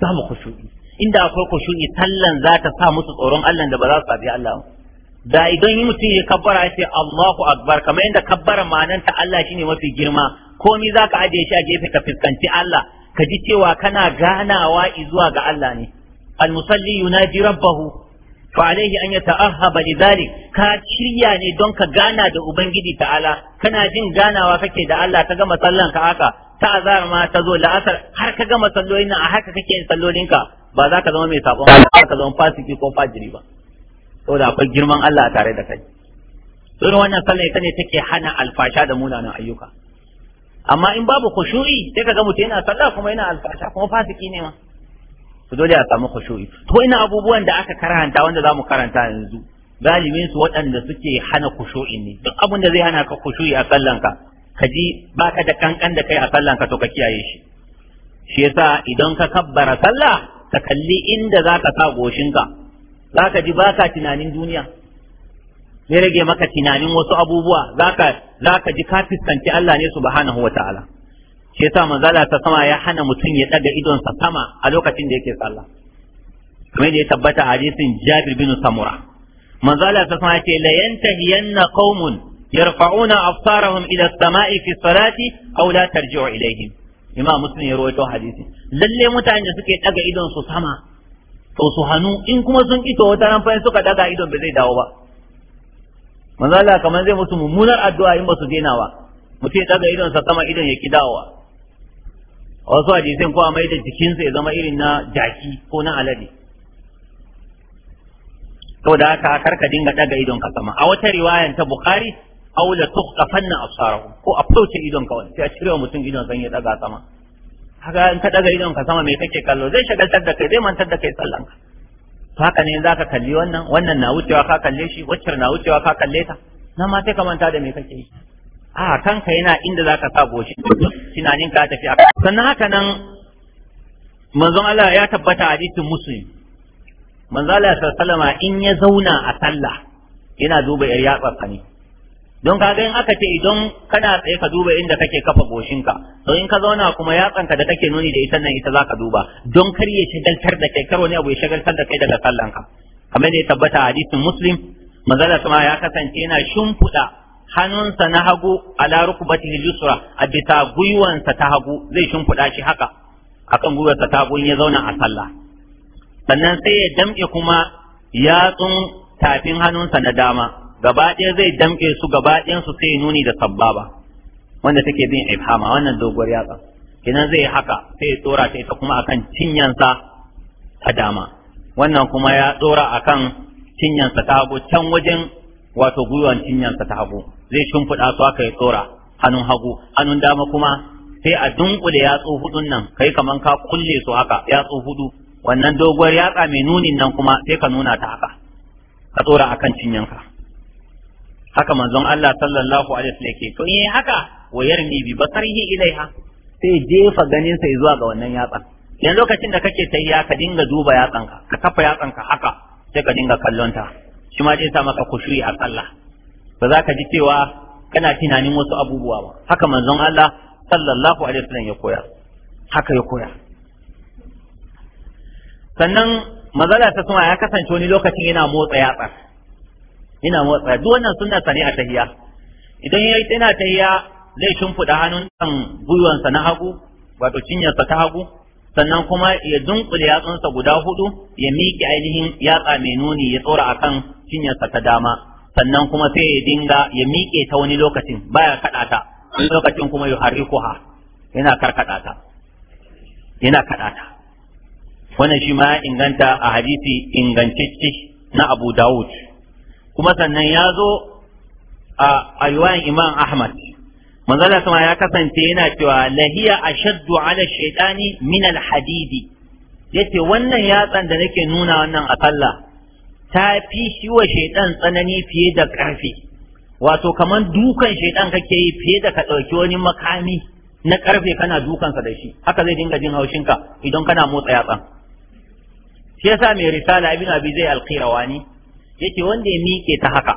babu khushu'i inda akwai khushu'i sallan za ta sa musu tsoron Allah da ba za su sabi Allah da idan mutum ya kabbara ya ce Allahu akbar kamar yadda kabbara ma'ananta Allah shine mafi girma komai zaka ajiye shi a gefe ka fuskanci Allah ka ji cewa kana ganawa zuwa ga Allah ne almusalli yunaji rabbahu fa alaihi an yata'ahhaba lidhalik ka shirya ne don ka gana da ubangiji ta'ala kana jin ganawa kake da Allah ka gama sallan ka haka ta azar ma ta zo la'asar har ka gama sallolin nan a haka kake yin ka. ba za ka zama mai sabon ba ka zama fasiki ko fajiri ba saboda akwai girman Allah tare da kai irin wannan sallah ita ne take hana alfasha da munanan ayyuka amma in babu khushu'i sai kaga mutum yana sallah kuma yana alfasha kuma fasiki ne ma to dole a samu khushu'i to ina abubuwan da aka karanta wanda za mu karanta yanzu galibin su waɗanda suke hana khushu'i ne duk abin da zai hana ka khushu'i a sallanka ka ji baka da kankan da kai a sallanka to ka kiyaye shi shi yasa idan ka kabbara sallah ka kalli inda zaka sa goshinka zaka ji baka tunanin duniya ya rage maka tunanin wasu abubuwa zaka zaka ji ka fiskanci Allah ne subhanahu wataala shi yasa manzala ta sama ya hana mutum ya daga idonsa sama a lokacin da yake sallah kamar da ya tabbata hadisin Jabir bin Samura manzala ta sama ce la yantahiyanna qaumun yarfa'una absarahum ila as-sama'i fi salati aw la tarji'u ilayhim imam muslim ya rawaito hadisin lalle mutanen da suke daga idon su sama to su hanu in kuma sun kito wata ran suka daga idon ba zai dawo ba manzo Allah kamar zai musu mummunar addu'a in ba su daina ba mutum ya daga idon sa sama idon ya kidawa a wasu ko a mai da jikinsa ya zama irin na jaki ko na alade To da haka karka dinga daga idon ka sama a wata riwayan ta bukhari aw tuqafanna absarahu ko a fauce idon ka wani sai a cire mutum idon san ya daga sama haka in ka daga idon ka sama me kake kallo zai shagaltar da kai zai mantar da kai sallanka haka ne zaka kalli wannan wannan na wucewa ka kalle shi waccar na wucewa ka kalle ta na ma sai ka manta da me kake yi a kanka yana inda zaka sa goshi tunanin ka tafi a sannan haka nan manzon Allah ya tabbata hadisin muslim manzon Allah sallallahu alaihi in ya zauna a sallah yana duba yar yatsa ne don kaga in aka ce idan kana tsaye ka duba inda kake kafa goshinka to in ka zauna kuma yatsanka da kake nuni da ita nan ita zaka duba don kar ya shagaltar da kai karo ne abu ya shagaltar da kai daga ka. kamar da tabbata hadisin muslim manzala sama ya kasance yana shimfiɗa hannunsa na hagu ala rukbatihi yusra a bisa gwiwansa ta hagu zai shimfiɗa shi haka akan gwiwarsa ta hagu in ya zauna a sallah sannan sai ya damƙe kuma yatsun tafin hannunsa na dama gaba ɗaya zai damƙe su gaba ɗayan su sai nuni da sabbaba wanda take bin ifhama wannan doguwar yatsa kenan zai haka sai ya tsora ta ita kuma akan cinyansa ta dama wannan kuma ya tsora akan cinyansa ta hagu can wajen wato gwiwan cinyansa ta hagu zai shimfiɗa su aka ya tsora hannun hagu hannun dama kuma sai a dunkule yatsu hudun nan kai kaman ka kulle su haka yatsu hudu wannan doguwar yatsa mai nunin nan kuma sai ka nuna ta haka ka tsora akan cinyanka haka manzon Allah sallallahu alaihi wasallam yake to eh haka wa ni bi basarihi ilaiha sai jefa ganin sai zuwa ga wannan yatsa Idan lokacin da kake tayya ka dinga duba yatsanka ka kafa yatsanka haka sai ka dinga kallon ta shi ma zai sa maka kushuri a sallah ba za ka ji cewa kana tunanin wasu abubuwa ba haka manzon Allah sallallahu alaihi wasallam ya koya haka ya koya sannan mazala ta ya kasance wani lokacin yana motsa yatsa yana motsa duk wannan sunna sani a tahiya idan yayi yana tahiya zai shimfiɗa hannun kan gwiwansa na hagu wato cinyarsa ta hagu sannan kuma ya dunkule yatsunsa guda hudu ya miƙe ainihin yatsa mai nuni ya tsora akan cinyarsa ta dama sannan kuma sai ya dinga ya miƙe ta wani lokacin baya kaɗa ta lokacin kuma ya harrikuha yana karkaɗa ta yana kaɗa ta wannan shi ma inganta a hadisi ingantacce na Abu Dawud kuma sannan ya zo a riwayan imam ahmad manzala sama ya kasance yana cewa lahiya ashaddu ala shaitani min alhadidi yace wannan yatsan da nake nuna wannan a sallah ta fi shi wa shaitan tsanani fiye da karfe wato kamar dukan shaitan kake yi fiye da ka ɗauki wani makami na karfe kana dukansa da shi haka zai dinga jin haushinka idan kana motsa yatsan shi yasa mai risala ibn abi zai alqirawani yake wanda ya miƙe ta haka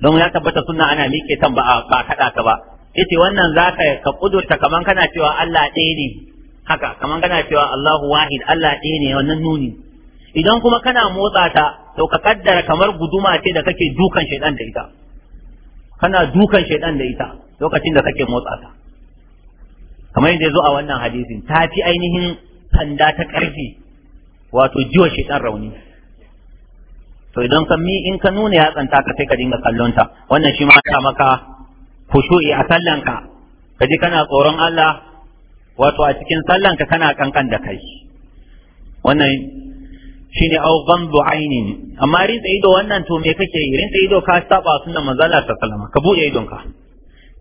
don ya tabbata suna ana miƙe ta ba ba kada ka ba yace wannan zaka ka kudurta kaman kana cewa Allah ɗaya ne haka kaman kana cewa Allahu wahid Allah ɗaya ne wannan nuni idan kuma kana motsa ta to ka kaddara kamar guduma ce da kake dukan shaidan da ita kana dukan shaidan da ita lokacin da kake motsa ta kamar yadda ya zo a wannan hadisin ta fi ainihin sanda ta ƙarfi wato jiwa shaidan rauni to idan ka mi in ka nuna tsanta ka sai ka dinga kallon ta wannan shi ma ta maka khushu'i a sallanka ka ji kana tsoron Allah wato a cikin sallanka kana kankan da kai wannan shine au ghamdu ainin amma rinsa ido wannan to me kake yi rinsa ido ka saba sunan manzala ta sallama ka bude idonka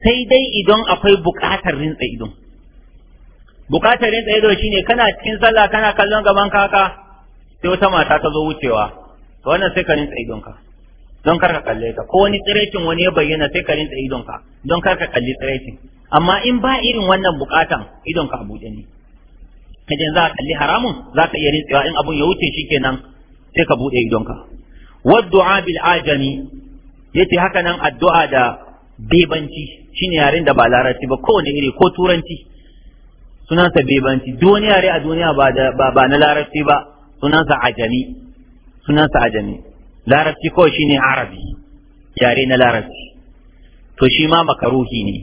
sai dai idan akwai buƙatar rinsa idon buƙatar rinsa ido shine kana cikin sallah kana kallon gaban kaka sai wata mata ta zo wucewa to wannan sai ka rinsa idonka don kar ka kalle ta ko wani tsirecin wani ya bayyana sai ka rinsa idonka don kar ka kalli tsirecin amma in ba irin wannan bukatan idonka a buɗe ne kaje za ka kalli haramun za ka iya rintsewa in abun ya wuce shikenan sai ka buɗe idonka waddu'a bil ajami yace haka nan addu'a da bebanci shine yaren da ba larabci ba kowane iri ko turanci sunansa bebanci duniya yare a duniya ba ba na larabci ba sunansa ajami sunansa ajami larabci kawai shine arabi yare na larabci to shi ma makaruhi ne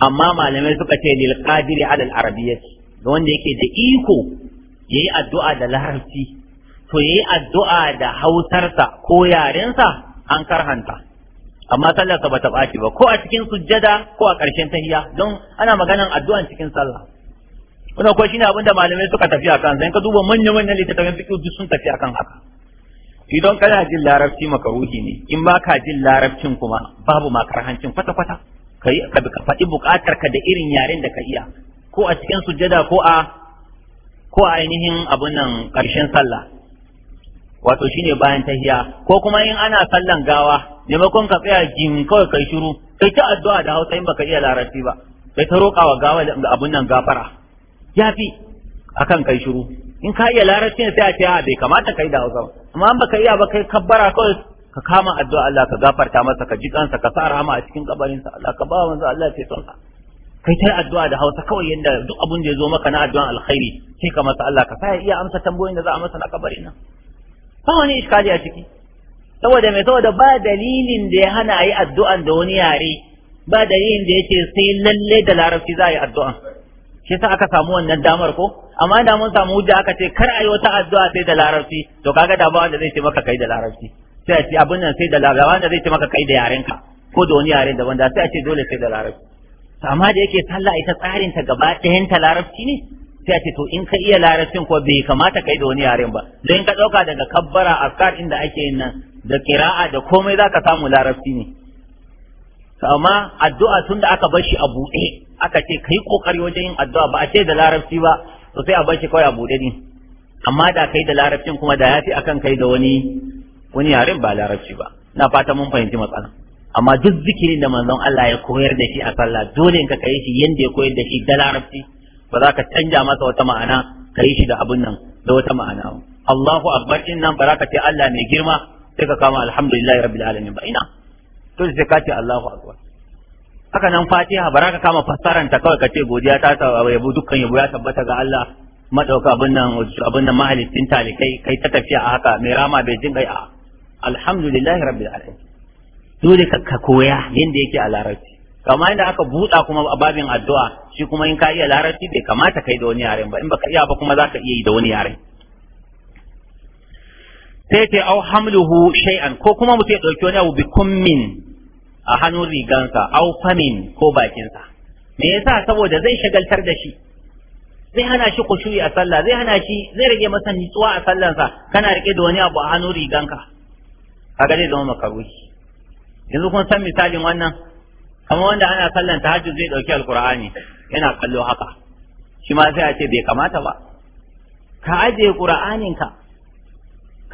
amma malamai suka ce lil qadiri ala al arabiyyati da wanda yake da iko yayi addu'a da larabci to yayi addu'a da hausarsa ko yarensa an karhanta amma sallarsa bata ɓaci ba ko a cikin sujjada ko a ƙarshen tahiya don ana maganan addu'an cikin sallah wannan ko shine abinda malamai suka tafi akan sai ka duba manyan manyan littattafan fiqh duk sun tafi akan haka idan kana jin larabci makaruhi ne in ba ka jin larabcin kuma babu makarhancin kwata-kwata ka faɗi buƙatar ka da irin yaren da ka iya ko a cikin sujjada ko a ko a ainihin abun nan ƙarshen sallah wato shine bayan tahiya ko kuma in ana sallan gawa maimakon ka tsaya jin kawai kai shiru kai ta addu'a da hausa in baka iya larabci ba kai ta roƙa wa gawa da abun nan gafara yafi akan kai shiru in ka iya larabci ne sai a ce a ah, bai kamata kai da hausa amma in baka iya ba kai kabbara kawai ka kama addu'a Allah ka gafarta masa ka ji kansa ka sa rahama a cikin kabarinsa Allah ka ba manzo Allah ce son kai tai addu'a da hausa kawai yanda duk abun da ya zo maka na addu'an alkhairi sai ka masa Allah ka sa iya amsa tambayoyin da za a masa na kabarin nan ba wani iskali a ciki saboda mai saboda ba dalilin da ya hana a yi addu'an da wani yare ba dalilin da ya ce sai lalle da larabci za a yi addu'an shi yasa aka samu wannan damar ko amma da mun samu hujja aka ce kar ayi wata addu'a sai da larabci to kaga da ba wanda zai ce maka kai da larabci sai a ce abin nan sai da larabci wanda zai ce maka kai da yarenka ko da wani yare daban da sai a ce dole sai da larabci amma da yake sallah ita tsarin ta gaba ɗayan ta larabci ne sai a ce to in ka iya larabcin ko bai kamata kai da wani yaren ba don ka ɗauka daga kabbara askar inda ake yin nan da kira'a da komai zaka samu larabci ne amma addu'a tun da aka bar shi a buɗe aka ce kai kokari wajen yin addu'a ba a ce da larabci ba to sai a bar shi kawai a buɗe ne amma da kai da larabcin kuma da ya yafi akan kai da wani wani yaren ba larabci ba na fata mun fahimci matsala amma duk zikirin da manzon Allah ya koyar da shi a sallah dole ka kai shi yanda ya koyar da shi da larabci ba za ka canja masa wata ma'ana kai shi da abun nan da wata ma'ana Allahu akbar in nan ba za ce Allah mai girma sai ka kama alhamdulillahi rabbil alamin ba ina to sai ka ce Allahu akbar haka nan Fatiha ka kama fassaran ta kawai ka ce godiya ta ta yabo dukkan yabo ya tabbata ga Allah madauka abin nan abin nan mahalicin talikai kai ta tafiya a haka mai rama bai jin kai a alhamdulillahi rabbil alamin dole ka koya yanda yake a larabci kamar inda aka buɗa kuma a babin addu'a shi kuma in ka iya larabci bai kamata kai da wani yaren ba in baka iya ba kuma zaka iya yi da wani yaren sai ce au hamluhu shay'an ko kuma mutum ya ɗauki wani abu bi kummin a hannun rigansa au famin ko bakinsa me yasa saboda zai shagaltar da shi zai hana shi kushuri a sallah zai hana shi zai rage masa nitsuwa a sallansa kana rike da wani abu a hannun riganka kaga zai zama ruhi, yanzu kun san misalin wannan kamar wanda ana sallan tahajjud zai dauki alqur'ani yana kallo haka shi ma sai a ce bai kamata ba ka ajiye qur'anin ka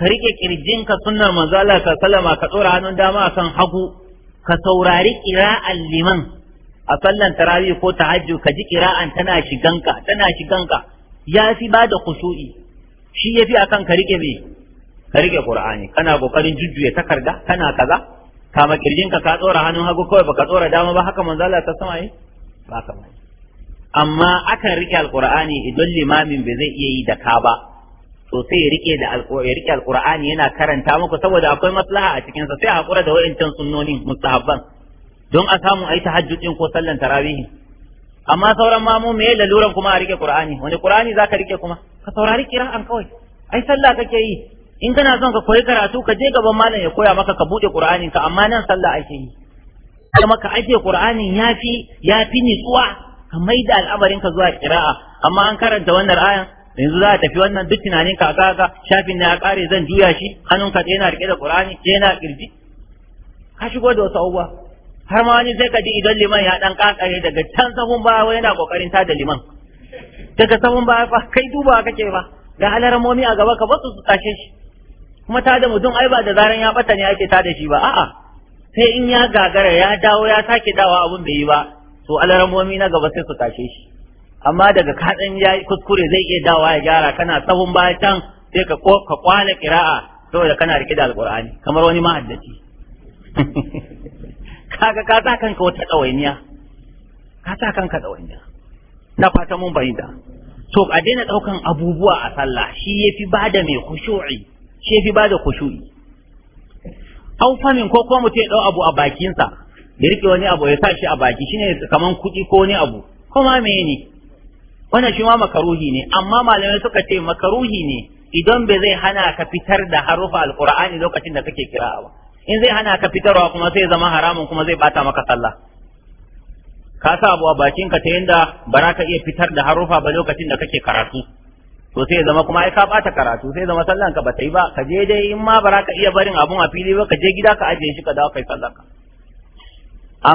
ka rike kirjinka sunnar manzo Allah sallallahu alaihi wasallam ka tsora hannun dama akan hagu ka saurari ƙira'an liman a sallan tarawih ko tahajjud ka ji ƙira'an tana shiganka tana shiganka ya fi ba da kusu'i shi ya fi akan ka rike me ka rike qur'ani kana kokarin jujjuya takarda kana kaza kama ka ka tsora hannun hagu kawai baka tsora dama ba haka manzo Allah ta sama yi ba ka amma akan rike alqur'ani idan limamin bai zai iya yi da ka ba to sai ya rike da ya rike alqur'ani yana karanta muku saboda akwai maslaha a cikin sa sai a hakura da wa'incan sunnonin mustahabban don a samu ai tahajjudin ko sallan tarawih amma sauran mamu me laluran kuma a rike qur'ani wani qur'ani zaka rike kuma ka saurari kira'an kawai ai sallah kake yi in kana son ka koyi karatu ka je gaban malam ya koya maka ka bude qur'anin ka amma nan sallah ake yi kuma ka aje qur'anin yafi yafi nitsuwa ka maida al'amarin ka zuwa kira'a amma an karanta wannan ayan yanzu za a tafi wannan duk tunanin ka ga shafin na ya kare zan juya shi hannunka ɗaya yana rike da qur'ani ɗaya na kirji ka shigo da wasu abubuwa har ma wani sai ka ji idan liman ya dan kakare daga can sahun baya wani yana kokarin ta da liman daga sahun baya fa kai duba kake ba ga alarmomi a gaba ka ba su su tashe shi kuma ta da mutum ai ba da zaran ya bata ne ake ta da shi ba a'a sai in ya gagara ya dawo ya sake dawa abun bai yi ba to alarmomi na gaba sai su tashe shi amma daga kaɗan ya yi kuskure zai iya dawa ya gyara kana tsawon bayan can sai ka ka kwana kira'a saboda kana rike da alqur'ani kamar wani mahaddaci kaga ka sa kanka wata ɗawainiya ka sa kanka ɗawainiya na fata mun da to a daina ɗaukan abubuwa a sallah shi yafi bada mai khushu'i shi yafi bada khushu'i Hau famin ko kuma mutum ya ɗau abu a bakinsa ya rike wani abu ya sa shi a baki shine kamar kuɗi ko wani abu kuma ne wannan shi ma makaruhi ne amma malamai suka ce makaruhi ne idan bai zai hana ka fitar da harufa alqur'ani lokacin da kake kira'a ba in zai hana ka fitarwa kuma sai zama haramun kuma zai bata maka sallah ka sa abu a bakin ka ta yanda bara ka iya fitar da harufa ba lokacin da kake karatu to sai zama kuma ai ka bata karatu sai zama sallan ka bata yi ba ka je dai in ma bara ka iya barin abun a fili ba ka je gida ka ajiye shi ka dawo kai sallan ka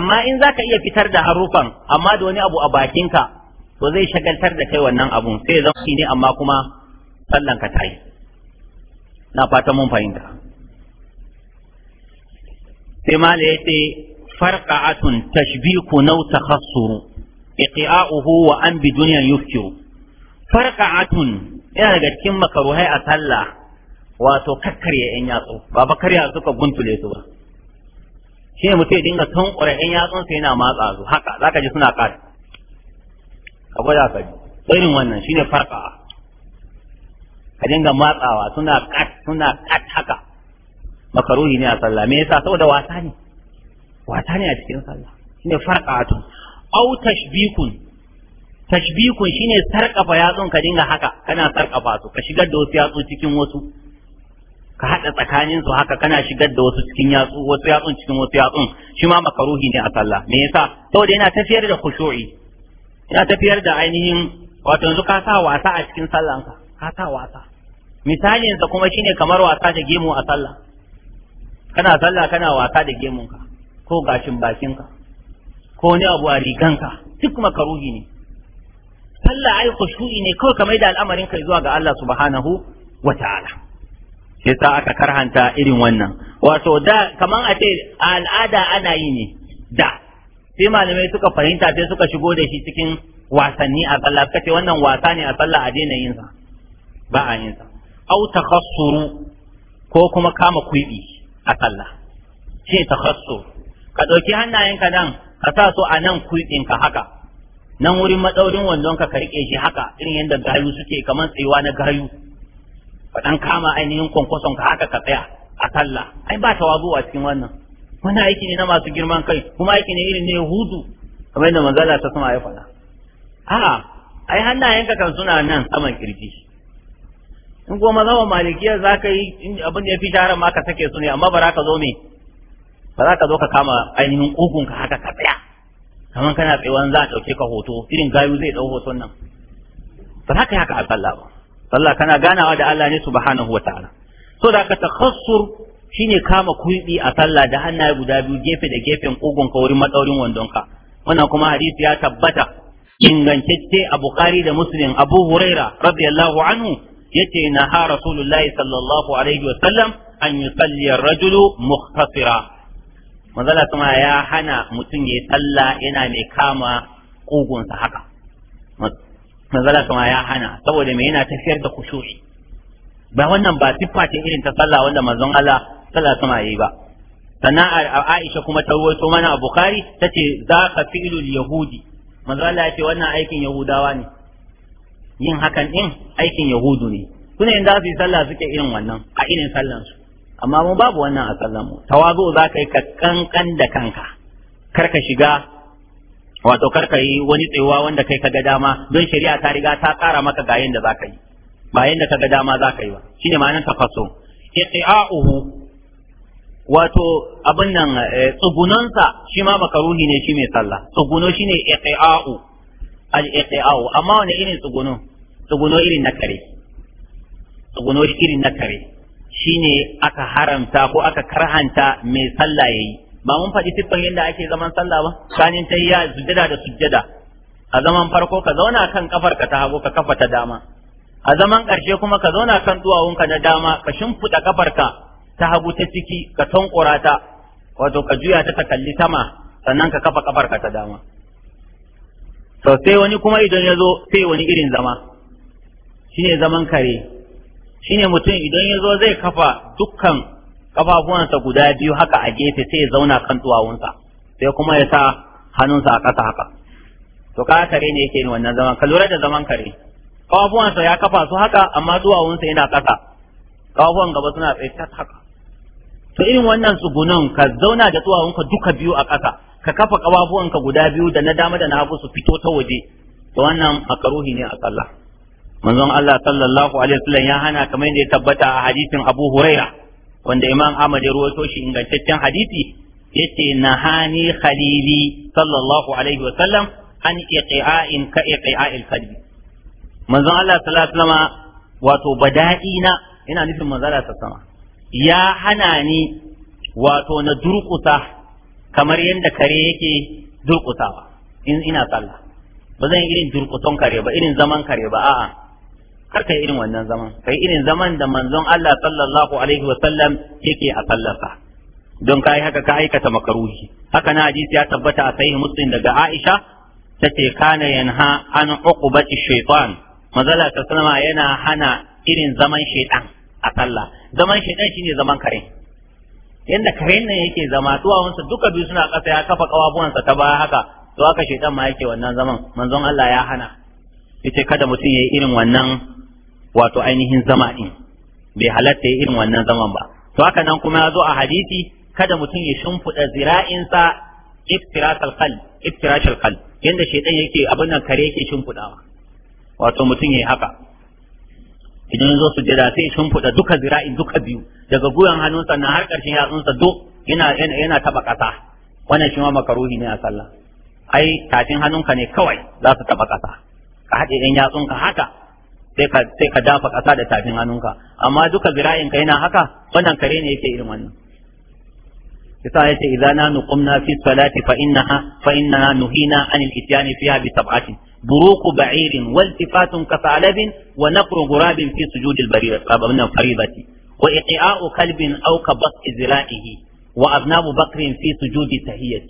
amma in za ka iya fitar da harufan amma da wani abu a bakinka to zai shagaltar da kai wannan abun sai zan shi ne amma kuma sallan ka tayi na fata mun fahimta sai ma da yace farqa'atun tashbiku naw takhassuru iqa'uhu wa an bi bidunyan yufkiru farqa'atun yana daga cikin makaruhai a sallah wato kakkarya yan yatsu ba ba suka guntule su ba shi ne mutum ya dinga tankura yan yatsun sai yana matsa su haka zaka ji suna kare. ka gwada ka ji irin wannan shine farka ka dinga matsawa suna kat suna kat haka makaruhi ne a sallah me yasa saboda wasa ne wasa ne a cikin sallah shine to au tashbikun tashbikun shine sarkafa yatsun ka dinga haka kana sarkafa su ka shigar da wasu yatsu cikin wasu ka hada tsakanin su haka kana shigar da wasu cikin yatsu wasu yatsun cikin wasu yatsun shi ma makaruhi ne a sallah me yasa saboda yana tafiyar da khushu'i ya tafiyar da ainihin wato yanzu ka sa wasa a cikin sallanka ka sa wasa misalinsa kuma shine kamar wasa da gemu a sallah kana sallah kana wasa da gemunka ko gashin bakinka ko wani abu a riganka duk karuhi ne sallah ai khushu'i ne kawai kamar da al'amarin kai zuwa ga Allah subhanahu wa ta'ala sai sa aka karhanta irin wannan wato da kaman a ce al'ada ana yi ne da sai malamai suka fahimta sai suka shigo da shi cikin wasanni a tsalla suka ce wannan wasa ne a tsalla a daina yin sa ba a yin sa au takhassuru ko kuma kama kuibi a tsalla shi takhassur ka dauki hannayenka nan ka sa su a nan kuibin ka haka nan wurin madaurin wandon ka ka rike shi haka irin yadda gayu suke kamar tsayuwa na gayu ka dan kama ainihin kwankwason ka haka ka tsaya a tsalla. ai ba tawazu a cikin wannan wani aiki ne na masu girman kai kuma aiki ne irin na yahudu kamar yadda manzala ta sama ya faɗa a'a ai hannayenka kan suna nan saman kirji in kuma mazhaban malikiya za ka yi abin da ya fi jaran ma ka sake su ne amma ba za ka zo me ba za ka zo ka kama ainihin ƙugunka haka ka tsaya kamar kana tsayuwan za a ɗauke ka hoto irin gayu zai ɗau hoton nan ba za ka yi haka a sallah ba sallah kana ganawa da Allah ne subhanahu wa ta'ala so da ka takhassur shine kama kulbi a sallah da hannaye guda biyu gefe da gefen kugun ka wurin matsaurin wandonka wannan kuma hadisi ya tabbata ingantacce a bukhari da muslim abu huraira radiyallahu anhu yace na ha rasulullahi sallallahu alaihi wa sallam an yusalli rajulu mukhtasira manzala kuma ya hana mutum ya sallah yana mai kama kugunsa haka manzala kuma ya hana saboda me yana tafiyar da kusuri? ba wannan ba siffa irin ta sallah wanda manzon Allah sallallahu alaihi yayi ba sannan Aisha kuma ta rawaito mana a Bukhari tace ka fi'lul yahudi manzo Allah ya wannan aikin yahudawa ne yin hakan din aikin yahudu ne suna yin za su yi sallah suke irin wannan a irin sallan su amma mu babu wannan a sallan mu tawazu za yi ka kankan da kanka kar ka shiga wato kar ka yi wani tsayuwa wanda kai ka ga dama don shari'a ta riga ta tsara maka ga yanda za ka yi ba yanda ka ga dama za ka yi ba shine ma'anar tafasso iqa'uhu wato abin nan eh, tsugunansa shi ma makaruni ne shi mai sallah tsuguno ne iqa'u al-iqa'u amma wani irin tsuguno tsuguno irin na kare tsuguno irin na kare shine aka haramta ko aka karhanta mai sallah yayi ba mun faɗi siffan yadda ake zaman sallah ba kanin ya sujjada da sujjada a zaman farko ka zauna kan kafar ka ta hagu ka kafa ta dama a zaman ƙarshe kuma ka zauna kan duwawunka na dama ka shimfiɗa kafarka ta hagu ta ciki ka tankura ta wato ka juya ta ta kalli sama sannan ka kafa kafar ka ta dama to sai wani kuma idan ya zo sai wani irin zama shine zaman kare shine mutum idan ya zo zai kafa dukkan kafafuwansa guda biyu haka a gefe sai ya zauna kan duwawunsa sai kuma ya sa hannunsa a ƙasa haka to ka kare ne yake yin wannan zaman ka lura da zaman kare kafafuwansa ya kafa su haka amma duwawunsa yana ƙasa kafafuwan gaba suna tsaye haka to irin wannan tsugunan ka zauna da tsuwawunka duka biyu a ƙasa ka kafa ƙafafuwanka guda biyu da na dama da na hagu su fito ta waje to wannan makaruhi ne a sallah manzon Allah sallallahu alaihi wasallam ya hana kamar yadda ya tabbata a hadisin Abu Huraira wanda Imam Ahmad ya rawaito shi ingantaccen hadisi yace nahani khalili sallallahu alaihi wasallam an iqa'in ka iqa'il qalbi manzon Allah sallallahu alaihi wasallam wato bada'ina ina nufin manzon Allah sallallahu ya hana ni wato na durƙusa kamar yadda kare yake durƙusawa in ina sallah ba zan irin durƙuson kare ba irin zaman kare ba a'a kar kai irin wannan zaman kai irin zaman da manzon Allah sallallahu alaihi wa sallam yake a sallarsa don kai haka ka aikata makaruhi haka na hadisi ya tabbata a sahih muslim daga Aisha Ta ce kana yanha an uqubati shaytan manzala ta yana hana irin zaman shaytan a sallah zaman shaitan shine zaman kare yanda karen nan yake zama duwawansa duka biyu suna ƙasa ya kafa kawabuwansa ta baya haka to haka shaitan ma yake wannan zaman manzon Allah ya hana yace kada mutum yayi irin wannan wato ainihin zama din bai halatta irin wannan zaman ba to haka nan kuma ya zo a hadisi kada mutum ya shimfiɗa zira'insa iftirashal qalb iftirashal qalb yanda shaitan yake abin nan kare yake shimfiɗawa wato mutum yayi haka idan zo su jira sai fuda duka zira'in duka biyu daga guyan hannunsa na har ƙarshen yatsunsa duk yana yana taɓa ƙasa wannan shi ma makaruhi ne a sallah ai tafin hannunka ne kawai za su taɓa ƙasa ka haɗe ɗan yatsunka haka sai ka sai ka dafa ƙasa da tafin hannunka amma duka zira'in ka yana haka wannan kare ne yake irin wannan kisa yace idana na nuqumna fi salati fa innaha fa inna nuhina anil ityani fiha bi sab'atin بروق بعير والتفات كثعلب ونقر غراب في سجود الفريضة وإقعاء كلب أو كبطء ذرائه وأذناب بكر في سجود التهية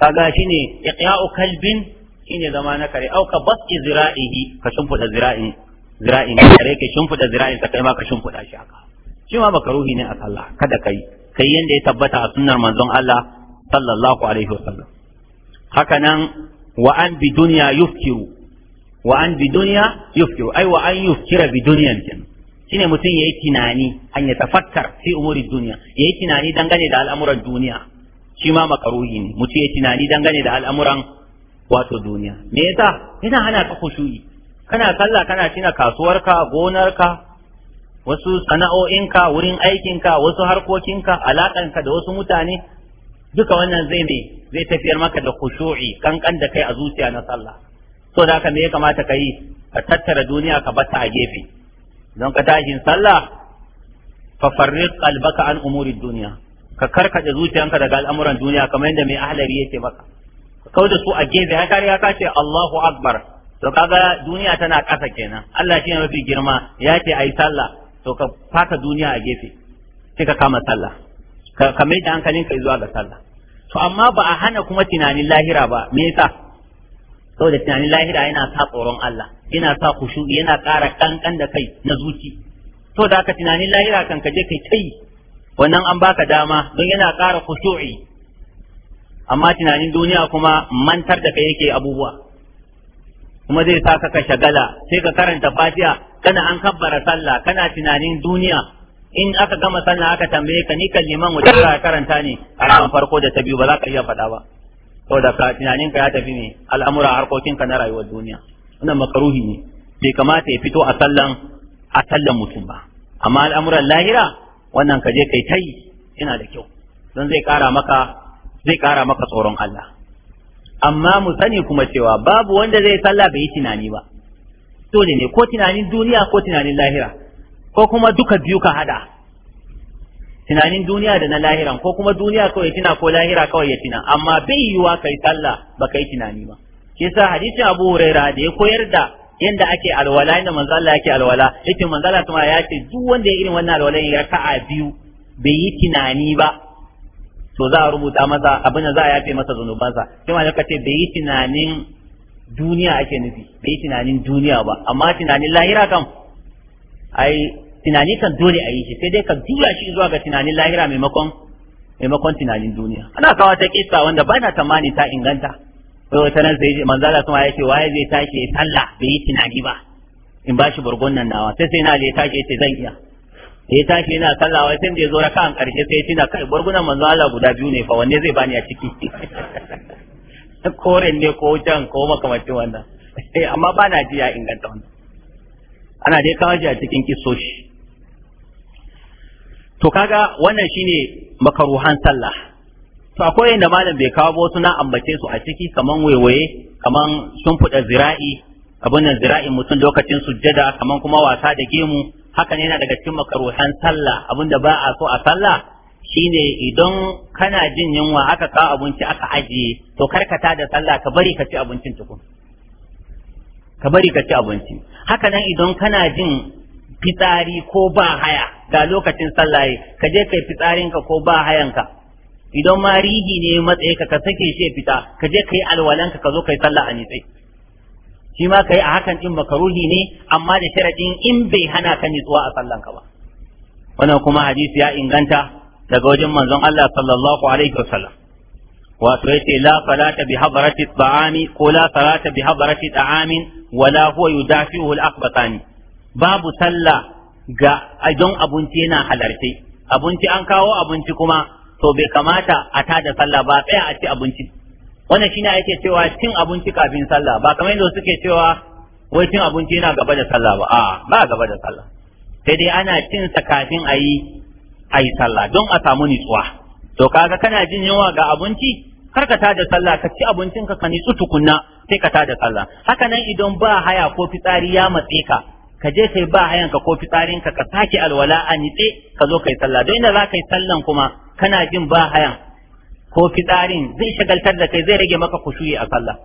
kaga shine iqya'u kalbin shine zama na kare auka basi zira'ihi ka shimfida zira'in zira'in kare shimfida zira'in ka kai ma ka shimfida shi shi ma makaruhi ne a sallah kada kai kai yanda ya tabbata a sunnar Allah sallallahu alaihi wasallam wa an bi duniya yufkiru wa an bi duniya yufkiru ai wa an yufkira bi duniyan kenan shine mutum yayi tunani an ya tafakkar fi umuri duniya yayi tunani dangane da al'amuran duniya shi ma makaruhi ne mutum yayi tunani dangane da al'amuran wato duniya me yasa ina hana ka khushu'i kana sallah kana cina kasuwarka gonarka wasu sana'o'inka wurin aikinka wasu harkokinka alaƙanka da wasu mutane duka wannan zai ne zai tafiyar maka da kushu'i kankan da kai a zuciya na sallah so da haka me ya kamata ka yi ka tattara duniya ka bata a gefe don ka tashin sallah fa farriq qalbaka an umuri dunya ka karkade zuciyanka daga al'amuran duniya kamar yadda mai ahlari yake maka ka kauda su a gefe kare ya kace Allahu akbar to kaga duniya tana kasa kenan Allah shi ne mafi girma ya ce ayi sallah to ka fata duniya a gefe sai ka kama sallah ka mai da ka zuwa ga sallah to amma ba a hana kuma tunanin lahira ba me yasa saboda tunanin lahira yana sa tsoron Allah yana sa kushu yana ƙara kankan da kai na zuci to da ka tunanin lahira kan kaje kai kai wannan an baka dama don yana ƙara kushu'i amma tunanin duniya kuma mantar da kai yake abubuwa kuma zai sa ka shagala sai ka karanta fatiha kana an kabbara sallah kana tunanin duniya in aka gama sallah aka tambaye ka ni kalliman wajen ka karanta ne a ran farko da ta biyu ba za ka iya faɗa ba da ka tunanin ka ya tafi ne al'amura harkokin ka na rayuwar duniya wannan makaruhi ne bai kamata ya fito a sallan a sallan mutum ba amma al'amuran lahira wannan ka je kai tai yana da kyau don zai kara maka zai kara maka tsoron Allah amma mu sani kuma cewa babu wanda zai sallah bai yi tunani ba dole ne ko tunanin duniya ko tunanin lahira ko kuma duka biyu ka hada tunanin duniya da na lahiran ko kuma duniya kawai tina ko lahira kawai ya tina amma bai yiwa kai sallah ba kai tunani ba Ke sa hadisin Abu Huraira da ya koyar da yanda ake alwala yanda manzo Allah yake alwala yake manzo Allah kuma ya ce duk wanda ya irin wannan alwala ya ka'a biyu bai yi tunani ba to za a rubuta masa abin da za a yafe masa zunubansa sai ma ka ce bai yi tunanin duniya ake nufi bai yi tunanin duniya ba amma tunanin lahira kam ai tunani kan dole a yi shi sai dai ka juya shi zuwa ga tunanin lahira maimakon maimakon tunanin duniya ana kawo ta kissa wanda ba na tamani ta inganta sai wata nan sai manzala kuma ya ce waye zai tashi ya sallah bai yi tunani ba in ba shi burgon nan nawa sai sai na le tashi ya ce zan iya ya tashi yana sallah wai sai da zo raka an karshe sai tina kai burgunan manzo Allah guda biyu ne fa wanne zai bani a ciki koren ne ko jan ko makamacin wannan amma ba na ji ya inganta wannan ana dai kawo a cikin kisoshi to kaga wannan shine makaruhan sallah to akwai inda malam bai kawo ba na ambace su a ciki kaman waiwaye kaman sun fuda zira'i abin nan zira'in mutum lokacin sujjada kaman kuma wasa da gemu haka ne yana daga cikin makaruhan sallah da ba a so a sallah shine idan kana jin yunwa aka kawo abinci aka ajiye to karkata da sallah ka bari ka ci abincin tukun ka bari ka ci abinci haka nan idan kana jin fitsari ko ba haya ga lokacin sallah ka je kai fitsarinka ko ba hayanka idan ma rihi ne matsayi ka sake shi fita ka je kai alwalanka ka zo kai sallah a nitse shi ma kai a hakan din makaruhi ne amma da sharadin in bai hana ka nitsuwa a sallanka ba wannan kuma hadisi ya inganta daga wajen manzon Allah sallallahu alaihi wasallam wato yace la salata bi hadrati ta'ami ko la salata bi hadrati ta'amin wala huwa yudafi'uhu al-aqbatani babu sallah ga don abinci yana halarce abinci an kawo abinci kuma to bai kamata a tada sallah ba tsaya a ci abinci wannan shine ake cewa cin abinci kafin sallah ba kamar yadda suke cewa wai cin abinci yana gaba da sallah ba a'a ba gaba da sallah sai dai ana cin sa kafin a yi a yi sallah don a samu nitsuwa to kaga kana jin yunwa ga abinci kar ka tada sallah ka ci abincin ka ka nitsu tukunna sai ka tada sallah haka nan idan ba haya ko fitsari ya matse ka ka je kai ba hayanka ko fitsarin ka ka sake alwala a nitse ka zo kai sallah don inda za yi sallan kuma kana jin ba hayan ko fitsarin zai shagaltar da kai zai rage maka kushuyi a sallah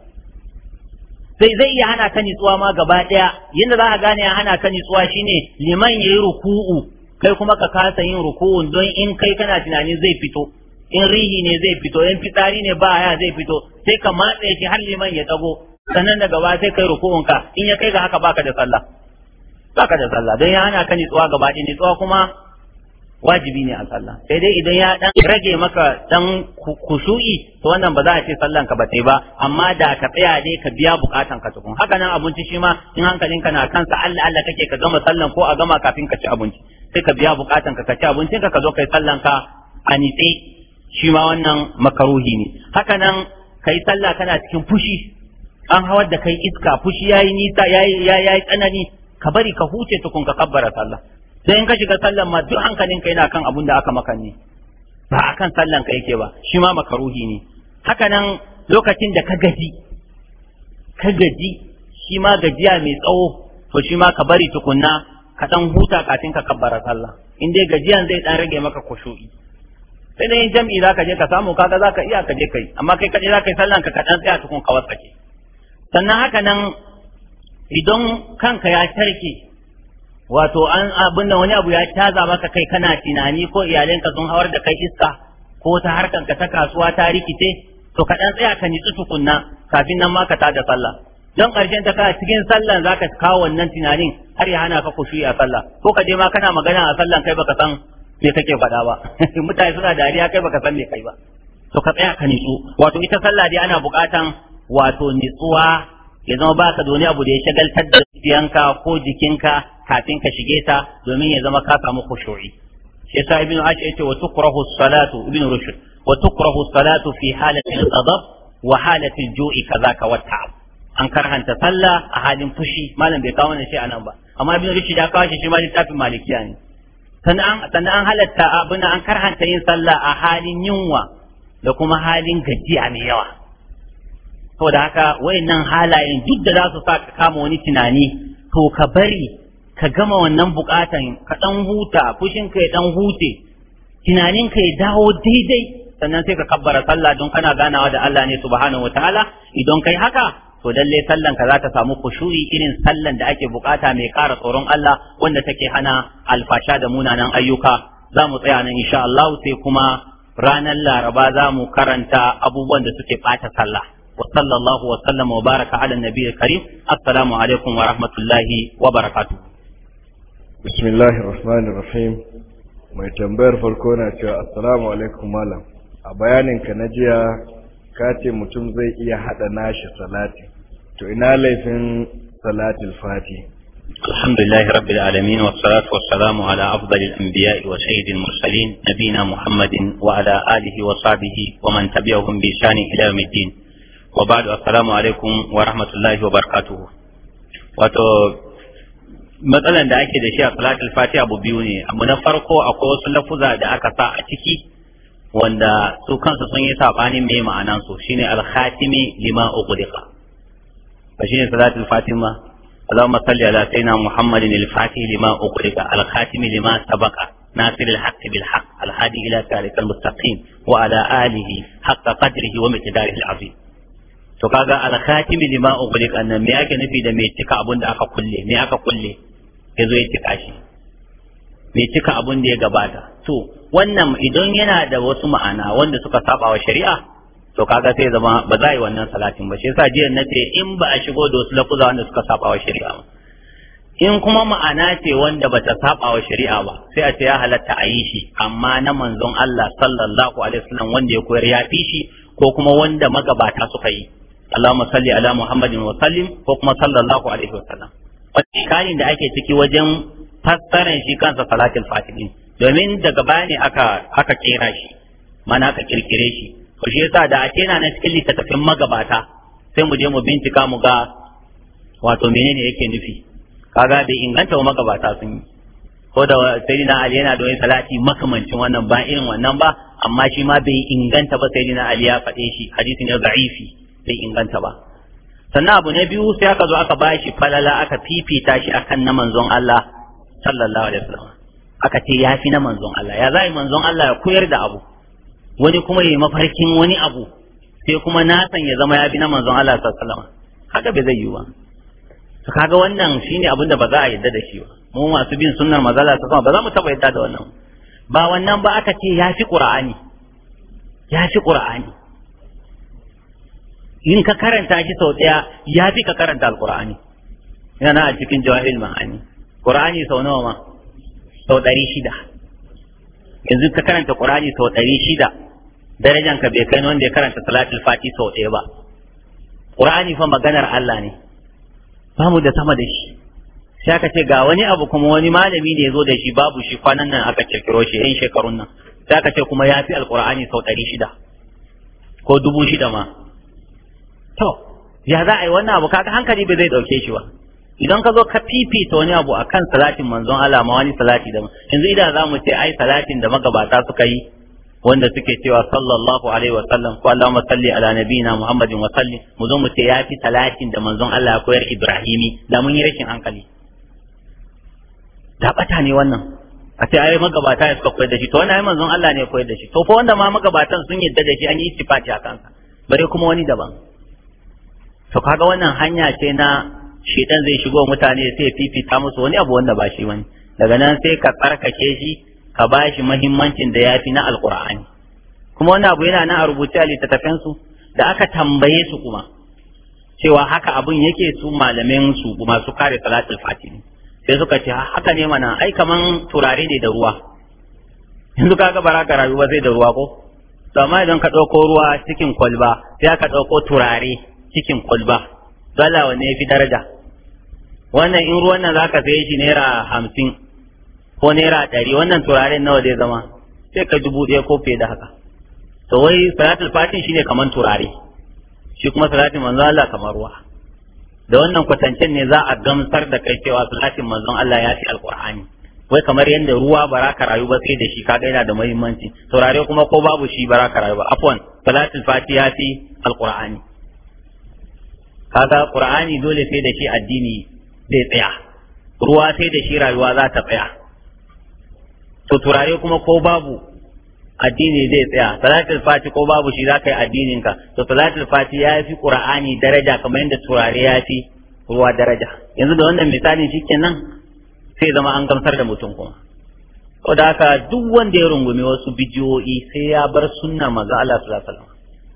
sai zai iya hana ka nitsuwa ma gaba ɗaya yadda za a gane ya hana ka nitsuwa shine liman yayi ruku'u kai kuma ka kasa yin ruku'un don in kai kana tunanin zai fito in rihi ne zai fito in fitsari ne ba ya zai fito sai ka matse shi har liman ya tsago sannan daga ba sai kai ka in ya kai ga haka baka da sallah baka da sallah don ya hana ka nitsuwa gaba ɗaya nitsuwa kuma wajibi ne a sallah sai dai idan ya dan rage maka dan kusu'i to wannan ba za a ce sallan ka ba ba amma da ka tsaya dai ka biya bukatan ka tukun haka nan abinci shi ma in ka na kansa Allah Allah kake ka gama sallan ko a gama kafin ka ci abinci sai ka biya bukatan ka ka ci abincin ka ka zo kai sallan ka a nitse shi ma wannan makaruhi ne haka nan kai sallah kana cikin fushi an hawar da kai iska fushi yayi nisa yayi yayi tsanani ka bari ka huce tukun ka kabbara sallah sai in ka shiga sallan ma duk hankalin ka yana kan abun da aka maka ne ba akan sallan ka yake ba shi ma makaruhi ne haka nan lokacin da ka gaji ka gaji shi ma gajiya mai tsawo to shi ma ka bari tukunna ka dan huta kafin ka kabbara sallah in dai gajiyan zai dan rage maka kushu'i sai yin jam'i zaka je ka samu kaga ka iya ka je kai amma kai za zaka yi sallan ka kaɗan tsaya tukun ka wasake sannan haka nan idan kanka ya tarke wato an abin da wani abu ya caza maka kai kana tunani ko iyalinka sun hawar da kai iska ko ta harkan ka ta kasuwa ta rikice to kadan tsaya ka nitsi tukunna kafin nan ma ka tada sallah don ƙarshen ta kana cikin sallan za ka kawo wannan tunanin har ya hana ka kushi a sallah ko ka je ma kana magana a sallan kai baka san Sai kake faɗa ba mutane suna dariya kai baka san me kai ba to ka tsaya ka nitsu wato ita sallah dai ana buƙatan wato nitsuwa ya zama baka da wani abu da ya shagaltar da zuciyanka ko jikinka kafin ka shige ta domin ya zama ka samu khushu'i shi yasa ibnu ash yace wa tukrahu salatu ibnu rushd wa tukrahu salatu fi halati ghadab wa halati al-ju'i kadhaka wa ta'ab an karhanta sallah a halin fushi malam bai kawo wannan shi anan ba amma ibnu rushd ya kawo shi shi ma littafin malikiya ne sannan an halatta abin an karhanta yin sallah a halin yunwa da kuma halin gajiya mai yawa saboda haka wayannan halayen duk da za su sa ka kama wani tunani to ka bari ka gama wannan bukatan ka dan huta fushin ka ya dan hute tunanin ka ya dawo daidai sannan sai ka kabbara sallah don kana ganawa da Allah ne subhanahu wataala idan kai haka to lalle sallan ka za ta samu khushu'i irin sallan da ake bukata mai ƙara tsoron Allah wanda take hana alfasha da munanan ayyuka za mu tsaya nan insha Allah sai kuma ranar laraba za mu karanta abubuwan da suke ɓata sallah wa sallallahu wa sallam wa baraka ala nabiyil karim assalamu alaikum wa rahmatullahi wa barakatuh bismillahir rahmanir rahim mai tambayar farko na cewa assalamu alaikum malam a bayaninka na jiya ka ce mutum zai iya hada nashi salati to ina laifin salatul fati الحمد لله رب العالمين والصلاة والسلام على أفضل الأنبياء وسيد المرسلين نبينا محمد وعلى آله وصحبه ومن تبعهم بإحسان إلى يوم الدين وبعد alaikum wa rahmatullahi wa وبركاته wato matsalan da ake da shi a salatul fati abu biyu ne abu na farko akwai wasu lafuza da aka sa a ciki wanda su kansu sun yi sabani mai ma'anansu shine al-khatimi lima ughliqa فشين صلاة الفاتمة اللهم صل على سيدنا محمد الفاتح لما أغلق الخاتم لما سبق ناصر الحق بالحق الهادي إلى ذلك المستقيم وعلى آله حق قدره ومقداره العظيم to kaga alkhatim lima ughliq annan me ake nufi da mai cika abun da aka kulle me aka kulle zo ya cika shi mai cika abun da ya gabata to wannan idan yana da wasu ma'ana wanda suka saba wa shari'a to kaga sai zama ba za a yi wannan salatin ba shi yasa jiya na ce in ba a shigo da wasu lafuza wanda suka saba wa shari'a ba in kuma ma'ana ce wanda bata saba wa shari'a ba sai a ce ya halatta a yi shi amma na manzon Allah sallallahu alaihi wasallam wanda ya koyar ya fi shi ko kuma wanda magabata suka yi Allahumma salli ala Muhammadin wa sallim ko kuma sallallahu alaihi wasallam wannan da ake ciki wajen fassarar shi kansa salatin fatihin domin daga gaba ne aka aka kera shi mana ka kirkire shi to shi yasa da ake na cikin littafin magabata sai mu je mu bincika mu ga wato menene yake nufi kaga bai inganta magabata sun yi ko da sayyidina ali yana da wani salati makamancin wannan ba irin wannan ba amma shi ma bai inganta ba sayyidina ali ya faɗe shi hadisin ya za'ifi bai inganta ba sannan abu na biyu sai aka zo aka ba shi falala aka fifita shi akan na manzon Allah sallallahu alaihi wasallam aka ce ya fi na manzon Allah ya zai manzon Allah ya koyar da abu wani kuma ya mafarkin wani abu sai kuma na san ya zama ya bi na manzon Allah sallallahu alaihi wasallam haka bai zai yi ba to kaga wannan shine abin da ba za a yadda da shi ba mu masu bin sunnar manzon Allah sallallahu alaihi ba za mu taba yadda da wannan ba wannan ba aka ce ya fi qur'ani ya fi qur'ani in ka karanta shi sau daya ya fi ka karanta alqur'ani yana a cikin jawahil ma'ani qur'ani sau nawa ma sau ɗari shida yanzu ka karanta qur'ani sau ɗari shida darajan ka bai kai wanda ya karanta salatul fati sau ɗaya ba qur'ani fa maganar Allah ne ba mu da sama da shi sai aka ce ga wani abu kuma wani malami ne ya zo da shi babu shi kwanan nan aka kirkiro shi yan shekarun nan sai aka ce kuma ya fi alqur'ani sau ɗari shida ko dubu shida ma to ya za a yi wannan abu kaga hankali bai zai ɗauke shi ba idan ka zo ka fifita wani abu akan salatin manzon Allah ma wani salati da yanzu idan za mu ce ai salatin da magabata suka yi wanda suke cewa sallallahu alaihi wa sallam ko Allahumma salli ala nabiyyina Muhammadin wa salli mu zo mu ce yafi talatin da manzon Allah ya koyar Ibrahimi da mun yi rashin hankali da bata ne wannan a ce ai magabata ya suka koyar da shi to wannan ai manzon Allah ne ya koyar da shi to fa wanda ma magabatan sun yadda da shi an yi istifati a kansa bare kuma wani daban to kaga wannan hanya ce na shedan zai shigo mutane sai fifita musu wani abu wanda ba shi wani daga nan sai ka tsarkake shi ka ba shi mahimmancin da ya fi na alkur'ani kuma wani abu yana nan a rubuce a littattafansu su da aka tambaye su kuma cewa haka abun yake su malamai su kuma su kare salatul fatimi sai suka ce haka ne mana ai kaman turare ne da ruwa yanzu kaga bara ka rayu ba da ruwa ko to amma idan ka ɗauko ruwa cikin kwalba sai ka ɗauko turare cikin kwalba zala wanne ya fi daraja wannan in ruwan nan zaka sai shi naira hamsin ko naira ɗari wannan turaren nawa zai zama sai ka dubu ɗaya ko fiye da haka to wai salatul fatin shine kaman turare shi kuma salatin manzo Allah kamar ruwa da wannan kwatancen ne za a gamsar da kai cewa salatin manzo Allah ya fi alqur'ani wai kamar yadda ruwa ba za ka rayu ba sai da shi kaga yana da muhimmanci turare kuma ko babu shi ba za ka rayu ba afwan salatul fati ya fi alqur'ani kaga qur'ani dole sai da shi addini zai tsaya ruwa sai da shi rayuwa za ta tsaya to turare kuma ko babu addini zai tsaya salatul fati ko babu shi za ka yi addinin ka to salatul fati ya fi qur'ani daraja kamar yadda turare ya fi ruwa daraja yanzu da wannan misalin shikenan sai zama an gamsar da mutum kuma da haka duk wanda ya rungumi wasu bidiyoyi sai ya bar sunnar manzo Allah sallallahu alaihi wasallam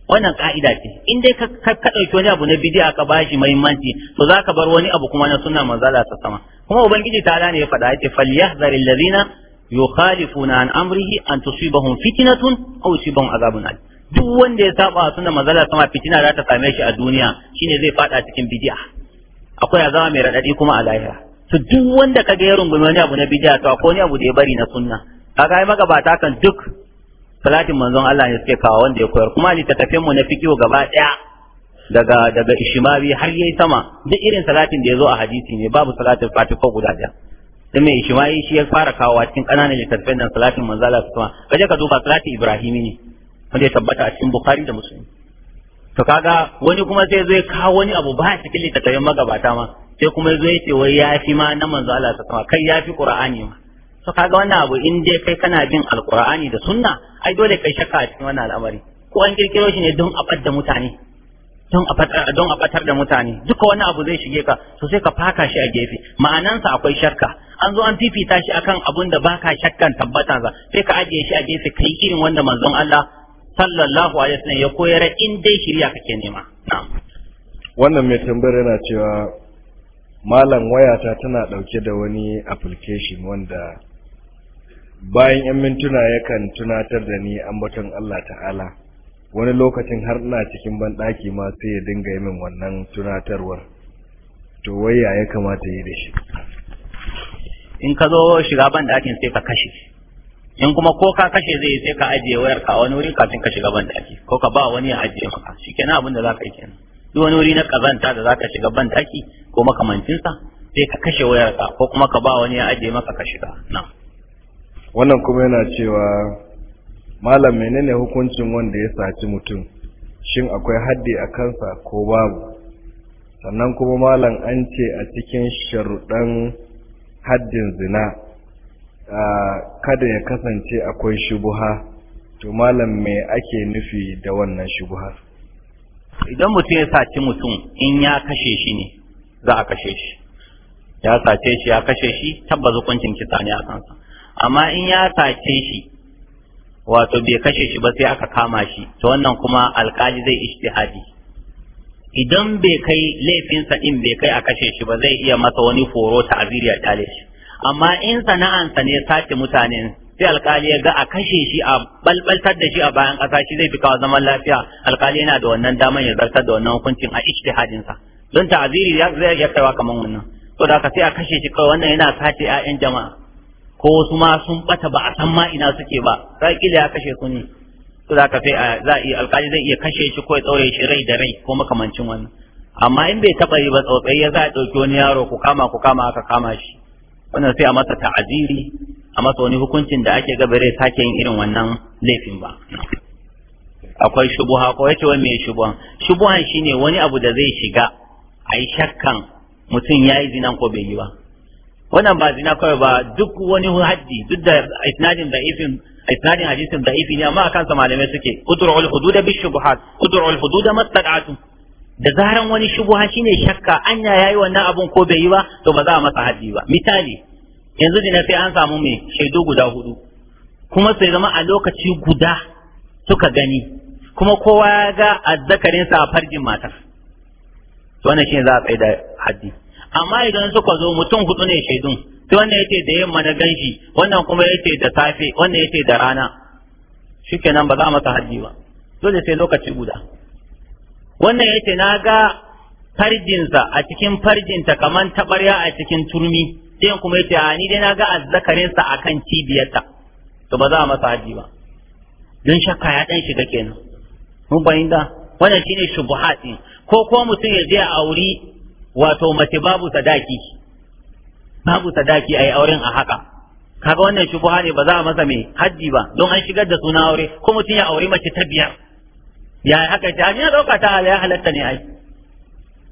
wannan ka'ida ce in dai ka ɗauki wani abu na bidi'a ka bashi muhimmanci to za bar wani abu kuma na sunna manzo Allah ta sama kuma ubangiji ta ne ya faɗa yace falyahzaril ladina yukhalifuna an amrihi an tusibahum fitnatun aw yusibahum azabun alim duk wanda ya saba sunna mazala sama fitina za ta same shi a duniya shine zai fada cikin bid'a akwai azaba mai radadi kuma a lahira to duk wanda kaga ya rungume wani abu na bid'a to akwai wani abu da ya bari na sunna kaga ai magabata kan duk salatin manzon Allah ne suke kawo wanda ya koyar kuma ni littattafin mu na fikiyo gaba daya daga daga ishimawi har yayi sama duk irin salatin da ya zo a hadisi ne babu salatin Fatifa guda daya da mai ishimai shi ya fara kawowa cikin ƙananan littattafai nan salatin manzala su kuma kaje ka duba salatin ibrahimi ne wanda ya tabbata a cikin bukhari da muslim to kaga wani kuma sai zai kawo wani abu ba cikin littattafan magabata ma sai kuma zai ce wai yafi ma na manzo Allah ta kuma kai yafi qur'ani ma to kaga wannan abu in dai kai kana bin alqur'ani da sunna ai dole kai shakka a cikin wannan al'amari ko an kirkiro shi ne don a da mutane don a batar da mutane duka wani abu zai shige ka to sai ka faka shi a gefe ma'anansa akwai shakka an zo an fifita shi akan abun da baka shakkan za sai ka ajiye shi a gefe kai irin wanda manzon Allah sallallahu alaihi wasallam ya koyar in dai shirya kake nema wannan mai tambayar yana cewa malam wayata tana dauke da wani application wanda bayan 'yan mintuna yakan tunatar da ni ambaton Allah ta'ala wani lokacin har ina cikin banɗaki ma sai ya dinga yi min wannan tunatarwar to wai ya kamata yi da shi in ka zo shiga banɗakin sai ka kashe in kuma ko ka kashe zai sai ka ajiye wayar ka a wani wuri kafin ka shiga banɗaki ko ka ba wani ya ajiye maka kenan abin da zaka yi kenan duk wani wuri na kazanta da zaka shiga banɗaki ko makamancinsa sai ka kashe wayar ka ko kuma ka ba wani ya ajiye maka ka shiga na wannan kuma yana cewa malam menene hukuncin wanda ya saci mutum shin akwai haddi a kansa ko babu sannan kuma malam an ce a cikin sharuɗan haddin zina kada ya kasance akwai shubuha to malam me ake nufi da wannan shubuha idan mutum ya saci mutum in ya kashe shi ne za a kashe shi ya sace shi ya kashe shi tabbas hukuncin kisa ne a kansa amma in ya sace shi wato bai kashe shi ba sai aka kama shi to wannan kuma alkali zai ishtihadi idan bai kai laifinsa din bai kai a kashe shi ba zai iya masa wani foro ta aziri a shi amma in sana'ansa ne sace mutanen sai alkali ya ga a kashe shi a balbaltar da shi a bayan ƙasa shi zai fi kawo zaman lafiya alkali yana da wannan damar ya zartar da wannan hukuncin a sa don ta'aziri zai iya kaiwa kamar wannan to da ka sai a kashe shi kawai wannan yana sace 'ya'yan jama'a ko wasu ma sun bata ba a san ma ina suke ba sai kila ya kashe su ne to za ka a za a iya alƙali zai iya kashe shi ko ya tsaure shi rai da rai ko makamancin wannan amma in bai taba yi ba tsotsai ya za a ɗauki wani yaro ku kama ku kama aka kama shi wannan sai a masa ta'aziri a masa wani hukuncin da ake gaba rai sake yin irin wannan laifin ba akwai shubuha ko yace wani mai shubuhan shubuhan shine wani abu da zai shiga a yi shakkan mutum ya yi zinan ko bai yi ba wannan ba zina kawai ba duk wani haddi duk da isnadin da'ifin isnadin hadisin da ne amma akan sa malamai suke udrul hudud bi shubuhat udrul hudud mastad'atu da zaran wani shubuha shine shakka anya yayi wannan abun ko bai yi ba to ba za a masa haddi ba misali yanzu na sai an samu mai shaidu guda hudu kuma sai zama a lokaci guda suka gani kuma kowa ya ga azzakarinsa a farjin matar wannan shine za a tsaida da haddi amma idan suka zo mutum hudu ne shaidun sai wanda yace da yamma na ganshi wannan kuma yace da safe wannan yace da rana shikenan ba za masa hajji ba dole sai lokaci guda wannan yace na ga farjinsa a cikin farjinta kamar tabarya a cikin turmi sai kuma yace a ni dai na ga azzakarinsa kan cibiyarta to ba za a masa hajji ba don shakka ya dan shiga kenan mun bayin da wannan shine shubuhat ko ko mutum ya je a wuri wato mace babu sadaki babu sadaki a yi auren a haka kaga wannan shubuha ne ba za a masa mai haddi ba don an shigar da suna aure ko mutum ya aure mace ta biyar ya haka ta ya dauka ta ya halatta ne ai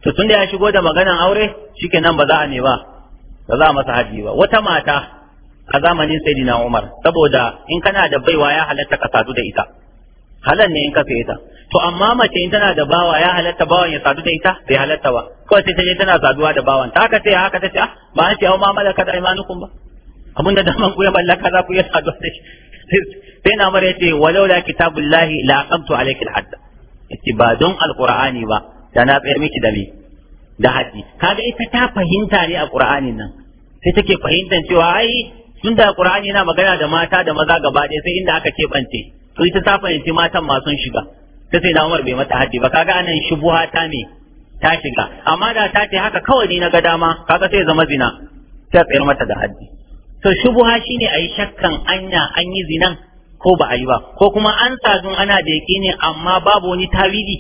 to tunda ya shigo da maganan aure shikenan ba za a ne ba ba za a masa haddi ba wata mata a zamanin sayyidina Umar saboda in kana da baiwa ya halatta ka sadu da ita halal ne in ka saye ta to amma mace in tana da bawa ya halatta bawan ya sadu da ita bai halatta ba kawai sai ta je tana saduwa da bawan ta haka sai haka ta ce ah ba an ce au ma malaka da imanukum ba abin da daman ku ya mallaka za ku iya saduwa da shi sai na mara yace walau la kitabullahi la aqamtu alayki alhadd yace ba don alqur'ani ba da na tsayar miki da me da haddi kaga ita ta fahimta ne a qur'anin nan sai take fahimtar cewa ai tunda qur'ani yana magana da mata da maza gaba ɗaya sai inda aka ce bance to ita ta fahimci matan ma sun shiga ta sai Umar bai mata haddi ba kaga anan shubuha ta me ta shiga amma da ta ce haka kawai ni na ga dama kaga sai zama zina ta tsayar mata da haddi to shubuha shine ayi shakkan anya an yi zinan ko ba a yi ba ko kuma an sadun ana da ne amma babu wani tawili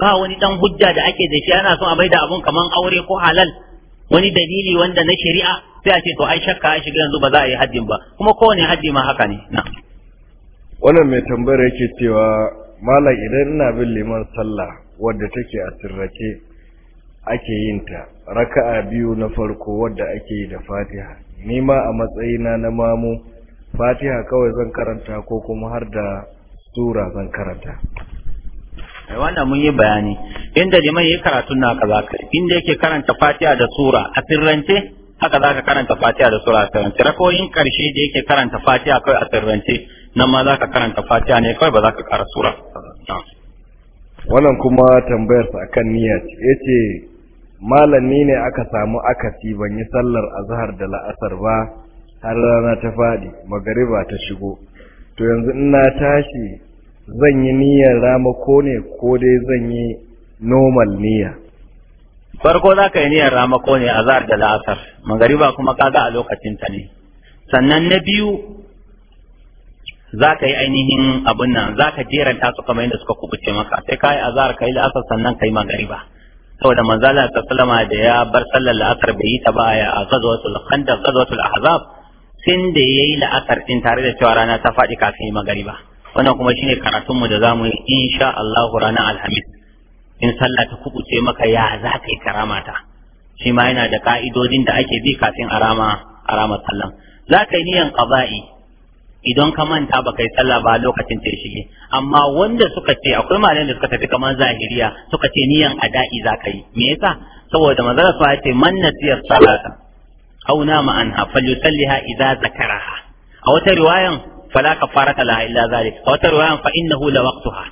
ba wani dan hujja da ake da shi ana son a da abun kaman aure ko halal wani dalili wanda na shari'a sai a ce to ai shakka a shiga yanzu ba za a yi haddin ba kuma kowane haddi ma haka ne na'am wannan mai tambayar yake cewa malam idan ina bin liman sallah wadda take a sirrake ake yin ta raka'a biyu na farko wadda ake yi da fatiha ni ma a matsayina na mamu fatiha kawai zan karanta ko kuma har da sura zan karanta wannan mun yi bayani inda liman yi karatun na kaza inda yake karanta fatiha da sura a sirrance haka za ka karanta fatiha da sura a sirrance rakoyin karshe da yake karanta fatiha kawai a sirrance nan ma za ka karanta fatiha ne kawai ba za ka kara sura wannan kuma tambayar sa akan niyya ce yace malami ne aka samu akasi ban yi sallar azhar da la'asar ba har rana ta fadi magariba ta shigo to yanzu in na tashi zan yi niyyar rama ko ne ko dai zan yi normal niyya farko za ka yi niyyar rama ko ne azhar da la'asar magariba kuma kaga a lokacin ta ne sannan na biyu za ka yi ainihin abin nan za ka jeranta su kamar yadda suka kubuce maka sai ka yi azhar ka yi la'asar sannan ka yi magariba saboda manzala ta salama da ya bar sallar la'asar bai yi ta ba a ghazwatul khandaq ghazwatul ahzab sin da yayi la'asar din tare da cewa rana ta faɗi kafin yi magariba wannan kuma shine karatun mu da zamu yi insha Allahu ranar alhamis in sallah ta kubuce maka ya za ka yi karamata shi ma yana da ka'idodin da ake bi kafin a arama sallan za ka yi niyan qada'i idan ka manta ba kai sallah ba lokacin ta shige amma wanda suka ce akwai malamin da suka tafi kamar zahiriya suka ce niyan ada'i za ka yi me yasa saboda manzara sa ce man nasiya salata aw ma anha falyusalliha idza zakaraha a wata riwayan fala kafarata laha illa zalik a wata riwayan fa innahu la waqtuha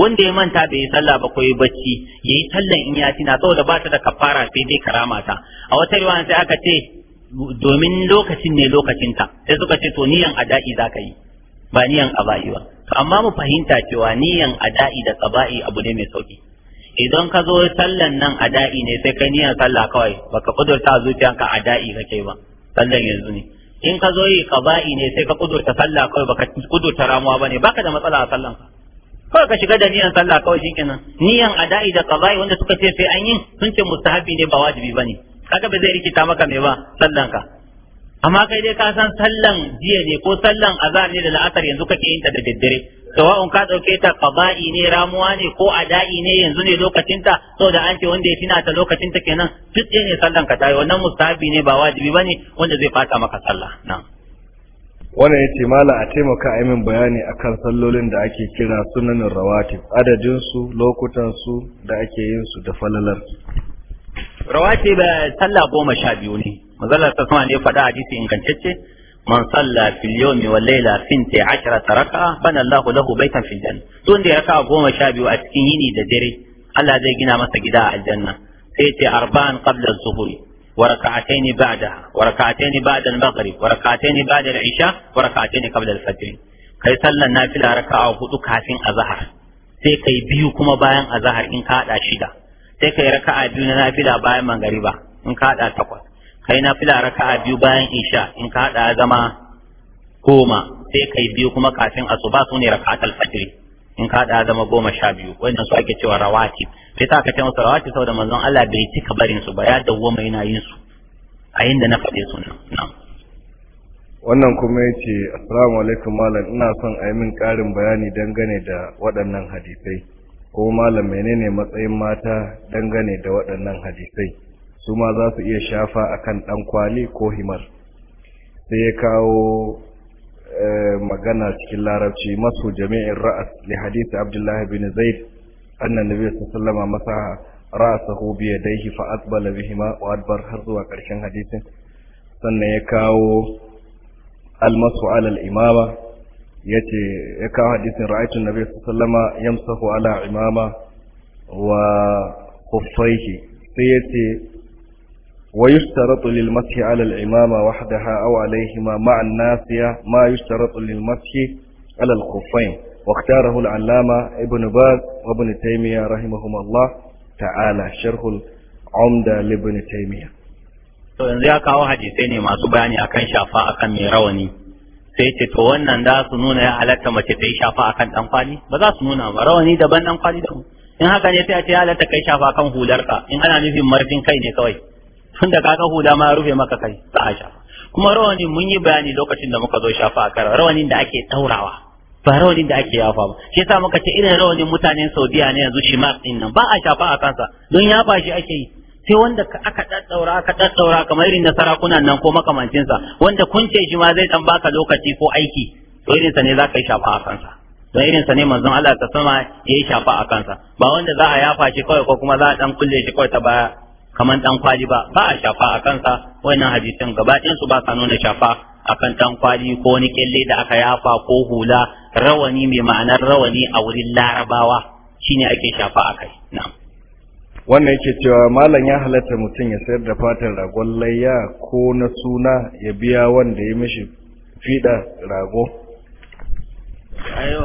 wanda ya manta bai yi sallah ba ko yi bacci yayi sallan in ya tina saboda ba ta da kafara sai dai karama ta a wata riwayan sai aka ce domin lokacin ne lokacinta sai suka ce to niyan ada'i za ka yi ba niyan aba'i ba to amma mu fahimta cewa niyan ada'i da tsaba'i abu ne mai sauki idan ka zo sallan nan ada'i ne sai kai niyan sallah kawai baka kudurta zuciyanka ada'i kake ba sallan yanzu ne in ka zo yi kaba'i ne sai ka kudurta sallah kawai baka kudurta ramuwa ba ne baka da matsala a sallan kawai ka shiga da niyan sallah kawai kenan niyan ada'i da kaba'i wanda suka ce sai an yi sun ce mustahabi ne ba wajibi ba ne kaga ba zai rikita maka mai ba sallan ka amma kai dai ka san sallan jiya ne ko sallan azhar ne da la'asar yanzu kake yin ta da daddare sawa'un ka dauke ta qada'i ne ramuwa ne ko ada'i ne yanzu ne lokacin ta saboda an ce wanda ya tina ta lokacin ta kenan duk ne sallan ka tayi wannan mustahabi ne ba wajibi bane wanda zai fata maka sallah nan. wannan yace mala a taimaka a min bayani akan sallolin da ake kira sunanin rawatib lokutan su da ake yin su da falalar rawati ba sallah goma sha biyu ne mazalar ta sama ne faɗa hadisi ingantacce man salla fil yawmi wal layla finti ashrata raka'a bana Allahu lahu baitan fil janna tun da kawo goma sha biyu a cikin yini da dare Allah zai gina masa gida a aljanna sai ce arba'an qabla az-zuhri wa raka'atayn ba'daha wa raka'atayn ba'da al-maghrib wa raka'atayn ba'da al-isha wa raka'atayn qabla al-fajr kai sallan nafila raka'a hudu kafin azhar sai kai biyu kuma bayan azhar in ka hada shida sai ka yi raka'a biyu na nafila bayan mangariba in ka hada takwas ka yi nafila raka'a biyu bayan isha in ka hada zama goma sai ka yi biyu kuma kafin asuba su ne raka'at al-fajr in ka hada zama goma sha biyu wannan su ake cewa rawati sai ta ka ce musu rawati saboda manzon Allah bai cika barin su ba ya dawoma yana yin su a inda na faɗe su nan wannan kuma ya ce assalamu alaikum malam ina son a yi min ƙarin bayani dangane da waɗannan hadisai ko malam menene matsayin mata dangane da waɗannan hadisai su ma za su iya shafa akan ɗan kwali ko himar sai ya kawo eh, magana cikin larabci masu jami'in ra'as li hadisi abdullahi bin zaid annan nabi sallama masa ra'asahu bi yadayhi fa asbala bihima wa adbar har zuwa ƙarshen hadisin sannan ya kawo almasu alal imama yace ya kawo hadisin ra'aytu nabi sallama yamsahu ala imama wa khuffaihi sai yace wa yushtaratu lil mashi ala al imama wahdaha aw alayhima ma an nasiya ma yushtaratu lil mashi ala al khuffain واختاره العلامة ابن باز وابن تيمية رحمهم الله تعالى شرح العمدة لابن تيمية to yanzu ya kawo hadisai ne masu bayani akan shafa akan mai rawani sai ce to wannan za su nuna ya halatta mace ta yi shafa akan dan kwali ba za su nuna ba rawani daban dan kwali daban in haka ne sai a ce ya halatta kai shafa kan ka? in ana nufin marfin kai ne kawai tun da kaga hula ma rufe maka kai za a shafa kuma rawani mun yi bayani lokacin da muka zo shafa a kara rawanin da ake taurawa ba rawanin da ake yafa ba shi yasa muka ce irin rawanin mutanen Saudiya ne yanzu shimak din nan ba a shafa a kansa don yafa shi ake yi sai wanda aka daddaura aka daddaura kamar irin na sarakunan nan ko makamancinsa wanda kunce shi ma zai dan baka lokaci ko aiki to irin sa ne za ka yi shafa a kansa don irin sa ne manzon Allah ta sama yayi shafa a kansa ba wanda za a yafa shi kawai ko kuma za a dan kulle shi kawai ta baya kamar dan kwali ba ba a shafa a kansa wannan hadisin gaba su ba sa nuna shafa akan dan kwali ko wani kyalle da aka yafa ko hula rawani mai ma'anar rawani a wurin larabawa shine ake shafa a kai na'am wannan yake cewa malam ya halatta mutum ya sayar da fatar ragon layya ko na suna ya biya wanda ya mishi fida rago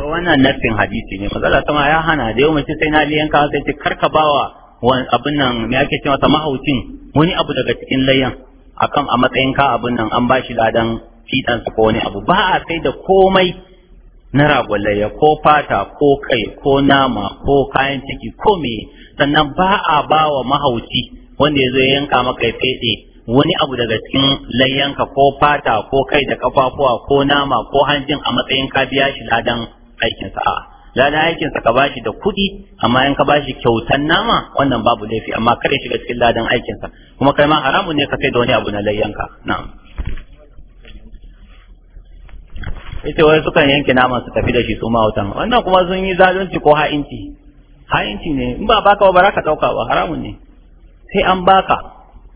wannan nafin hadisi ne matsala sama ya hana da yau mace sai na liyan ka sai ce karka bawa abin nan me ake cewa ta mahaucin wani abu daga cikin layyan akan a matsayin ka abin nan an bashi ladan fidan ko wani abu ba a sai da komai na ragon layya ko fata ko kai ko nama ko kayan ciki ko me sannan ba a ba wa mahauci wanda ya zo ya yanka maka ya fede wani abu daga cikin layyanka ko fata ko kai da kafafuwa ko nama ko hanjin a matsayin ka biya shi ladan aikin sa a ladan aikin sa ka bashi da kuɗi amma in ka bashi kyautan nama wannan babu laifi amma kare shiga cikin ladan aikin sa kuma kai ma haramun ne ka kai da wani abu na layyanka na'am ita wai sukan yanke naman su tafi da shi su ma wannan kuma sun yi zalunci ko ha'inci hayanci ne in ba baka ba ka dauka ba haramun ne sai an baka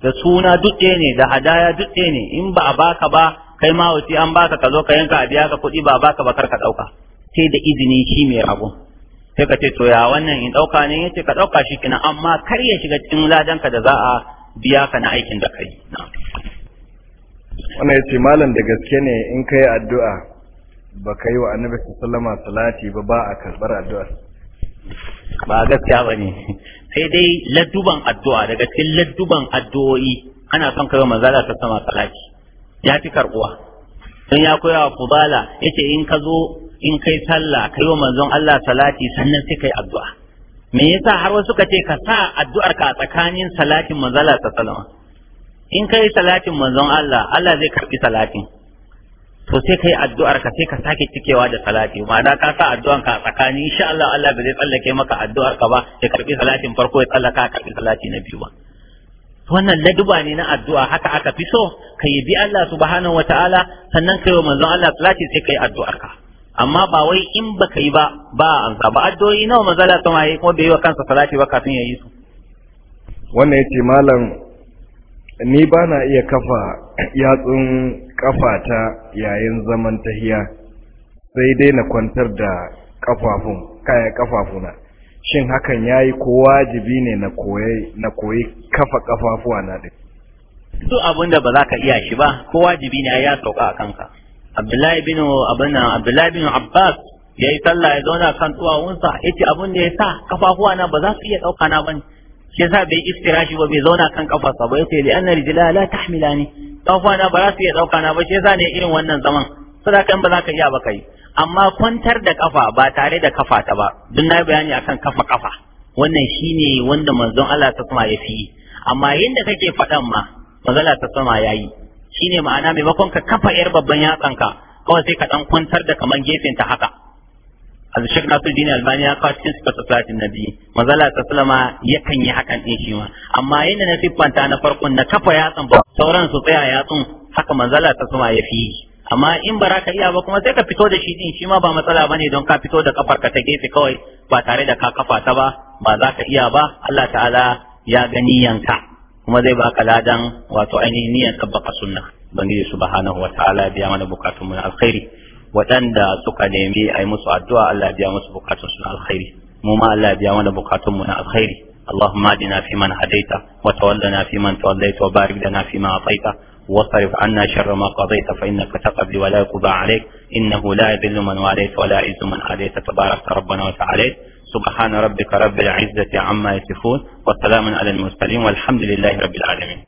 da suna duk ne da hadaya duk ne in ba baka ba kai ma wasi an baka ka zo ka yanka a biya ka kuɗi ba baka ba kar ka dauka sai da izini shi mai rago sai ka ce to ya wannan in dauka ne yace ka dauka shi kina amma kar ya shiga cikin ladan ka da za a biya ka na aikin da kai wannan yace malam da gaske ne in kai addu'a ba kai wa annabi wasallam salati ba ba a karbar addu'ar ba gaskiya ba ne sai dai ladduban addu'a daga cikin ladduban addu'o'i ana son kai manzo Allah ta sama salati ya fi karbuwa don ya koya wa fudala yace in ka zo in kai sallah kai wa manzon Allah salati sannan sai kai addu'a me yasa har wasu ka ce ka sa addu'ar ka tsakanin salatin manzo Allah ta sallama in kai salatin manzon Allah Allah zai karbi salatin to sai kai addu'ar ka sai ka sake cikewa da salati ma'ana ka sa addu'an ka tsakani insha Allah Allah bai zai tsallake maka addu'ar ka ba ya karbi salatin farko ya tsallaka ka karbi salati na biyu ba wannan laduba ne na addu'a haka aka fi so ka yi bi Allah subhanahu wataala sannan kai wa manzon Allah salati sai kai addu'ar ka amma ba wai in baka yi ba ba an ba addu'o'i nawa manzon Allah kuma bai yi wa kansa salati ba kafin ya yi su wannan yace malam ni ba na iya kafa yatsun kafata yayin zaman tahiya sai dai na kwantar da kafafun kaya kafafuna shin hakan yayi ko wajibi ne na koyi na koyi kafa kafafuwa na duk duk abin da ba za ka iya shi ba ko wajibi ne ya sauka a kanka abdullahi bin abana abdullahi bin abbas yayi sallah ya zauna kan tuwawunsa, yace abin da ya sa kafafuwa na ba za su iya dauka na bane shi sa bai istirashi ba bai zauna kan kafarsa ba yace li'anna anna rijla la tahmilani kafana ba za su iya dauka na ba shi sa ne irin wannan zaman saboda kan ba za ka iya ba kai amma kwantar da kafa ba tare da kafa ta ba duk na bayani akan kafa kafa wannan shine wanda manzon Allah ta kuma ya fi amma yanda kake faɗan ma magana ta sama yayi shine ma'ana maimakon ka kafa yar babban yatsanka kawai sai ka dan kwantar da kaman gefen ta haka al-shaykh Nasiruddin Albani ya kawo cikin sifatu salatin nabi mazala ta sallama yakan yi hakan din shi ma amma yanda na siffanta na farkon na kafa yatsun ba sauran su tsaya yatsun haka manzala ta sallama ya fi amma in ba ka iya ba kuma sai ka fito da shi din shi ma ba matsala bane don ka fito da kafar ka ta gefe kawai ba tare da ka kafa ta ba ba za ka iya ba Allah ta'ala ya gani yanka kuma zai baka ladan wato ainihin niyyanka baka sunna bangiji subhanahu wa ta'ala biya mana bukatun mu alkhairi waɗanda suka nemi a yi musu addu'a Allah biya musu bukatun su na alkhairi mu ma Allah biya mana bukatun mu na alkhairi اللهم اهدنا فيمن هديت وتولنا فيمن توليت وبارك لنا فيما اعطيت واصرف عنا شر ما قضيت فانك تقضي ولا يقضى عليك انه لا يذل من واليت ولا يعز من عليت تبارك ربنا وتعاليت سبحان ربك رب العزه عما يصفون وسلام على المرسلين والحمد لله رب العالمين